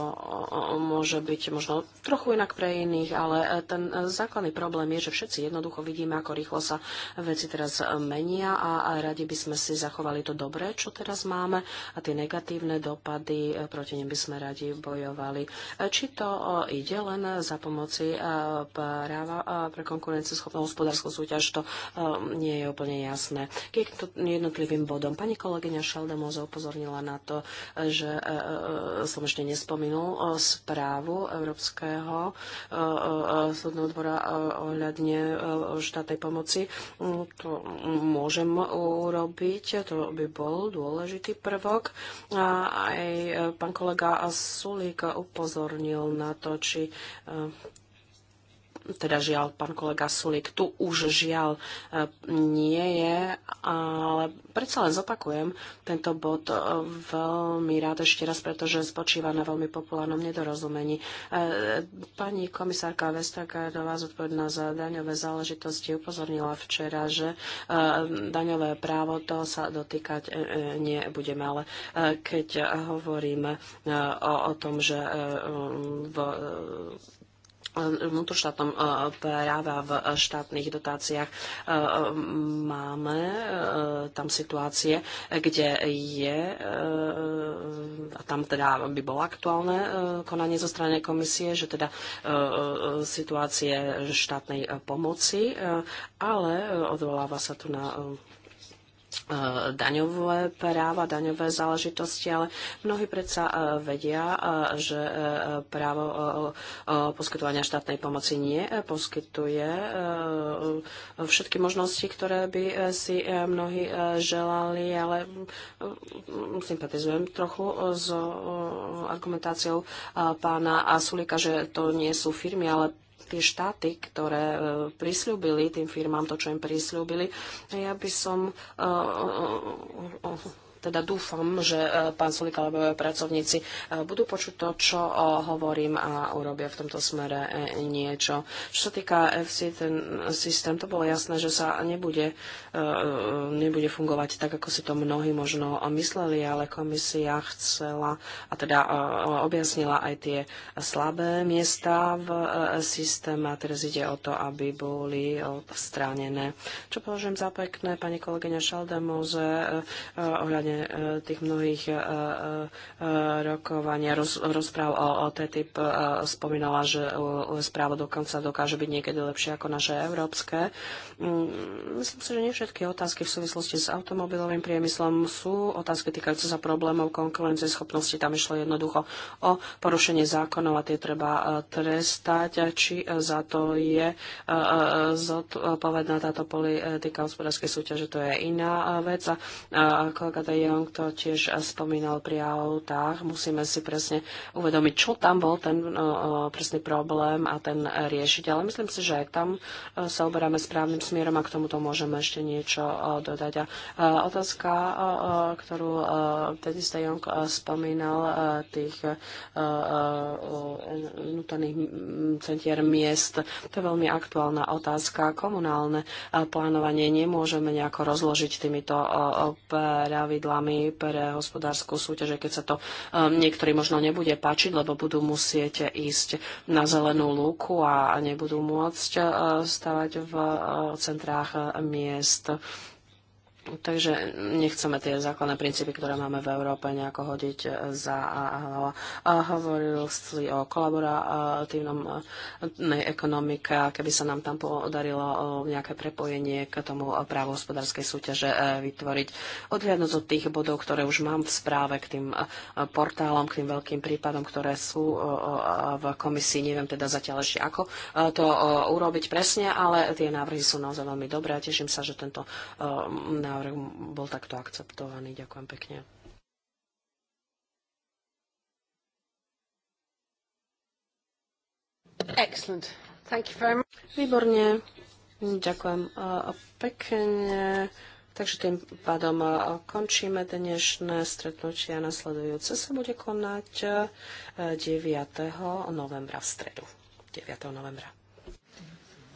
môže byť možno trochu inak pre iných, ale e, ten e, základný problém je, že všetci jednoducho vidíme, ako rýchlo sa veci teraz e, menia a radi by sme si zachovali to dobré, čo teraz máme a tie negatívne dopady, proti nim by sme radi bojovali. Či to ide len za pomoci práva pre konkurencieschopnú hospodárskú súťaž, to nie je úplne jasné. Keď to jednotlivým bodom. Pani kolegyňa Šaldemozov upozornila na to, že som ešte nespomínala, spomenul e, správu Európskeho e, e, súdneho dvora ohľadne štátnej pomoci. Mm, to môžem urobiť, to by bol dôležitý prvok. A aj pán kolega Sulík upozornil na to, či teda žiaľ, pán kolega Sulik, tu už žiaľ e, nie je, ale predsa len zopakujem tento bod e, veľmi rád ešte raz, pretože spočíva na veľmi populárnom nedorozumení. E, pani komisárka vás zodpovedná za daňové záležitosti, upozornila včera, že daňové právo to sa dotýkať nebudeme, ale keď hovoríme o tom, že v Eh, vnútroštátnom eh, práva v štátnych dotáciách eh, máme tam situácie, kde je a tam teda by bolo aktuálne konanie zo strany komisie, že teda situácie štátnej pomoci, ale odvoláva sa tu na E, daňové práva, daňové záležitosti, ale mnohí predsa e, vedia, e, že právo poskytovania štátnej pomoci nie poskytuje všetky možnosti, ktoré by si mnohí želali, ale sympatizujem trochu s argumentáciou pána Sulika, že to nie sú firmy, ale tie štáty, ktoré e, prislúbili tým firmám to, čo im prislúbili. Ja by som e, teda dúfam, že e, pán Sulik alebo jeho pracovníci e, budú počuť to, čo e, hovorím a urobia v tomto smere niečo. Čo sa týka FC, ten systém, to bolo jasné, že sa nebude, nebude fungovať tak, ako si to mnohí možno mysleli, ale komisia chcela a teda objasnila aj tie slabé miesta v systéme a teraz ide o to, aby boli odstránené. Čo považujem za pekné, pani kolegyňa Šaldemoze, ohľadne ohľadne e, tých mnohých e, e, rokovania, roz, rozpráv o, o TTIP spomínala, že US právo dokonca dokáže byť niekedy lepšie ako naše európske. Mm, myslím si, že nie všetky otázky v súvislosti s automobilovým priemyslom sú otázky týkajúce sa problémov konkurencie schopnosti. Tam išlo jednoducho o porušenie zákonov a tie treba trestať, či za to je zodpovedná táto politika hospodárskej súťaže, to je iná vec. A kolega Jong to tiež spomínal pri autách. Musíme si presne uvedomiť, čo tam bol ten presný problém a ten riešiť. Ale myslím si, že aj tam e, sa uberáme správnym smerom a k tomuto môžeme ešte niečo dodať. A e, otázka, ktorú e, ste Jong spomínal, tých vnútorných centier miest, to je veľmi aktuálna otázka. Komunálne plánovanie nemôžeme nejako rozložiť týmito pravidlami pravidlami pre hospodárskú súťaž, keď sa to ehm, niektorí možno nebude páčiť, lebo budú musieť ísť na zelenú lúku a nebudú môcť ehm, stavať v ehm, centrách miest Takže nechceme tie základné princípy, ktoré máme v Európe, nejako hodiť za hlava. A hovoril si o kolaboratívnom eh, ekonomike, keby sa nám tam podarilo eh, nejaké prepojenie k tomu právu hospodárskej súťaže eh, vytvoriť. Odhľadnosť od tých bodov, ktoré už mám v správe k tým portálom, k tým veľkým prípadom, ktoré sú v komisii, neviem teda zatiaľ ešte ako to urobiť presne, ale tie návrhy sú naozaj veľmi dobré a teším sa, že tento návrh návrh bol takto akceptovaný. Ďakujem pekne. Excellent. Thank you very much. Výborne. Ďakujem e, pekne. Takže tým pádom e, končíme dnešné stretnutie a nasledujúce sa bude konať 9. E, novembra v stredu. 9. novembra.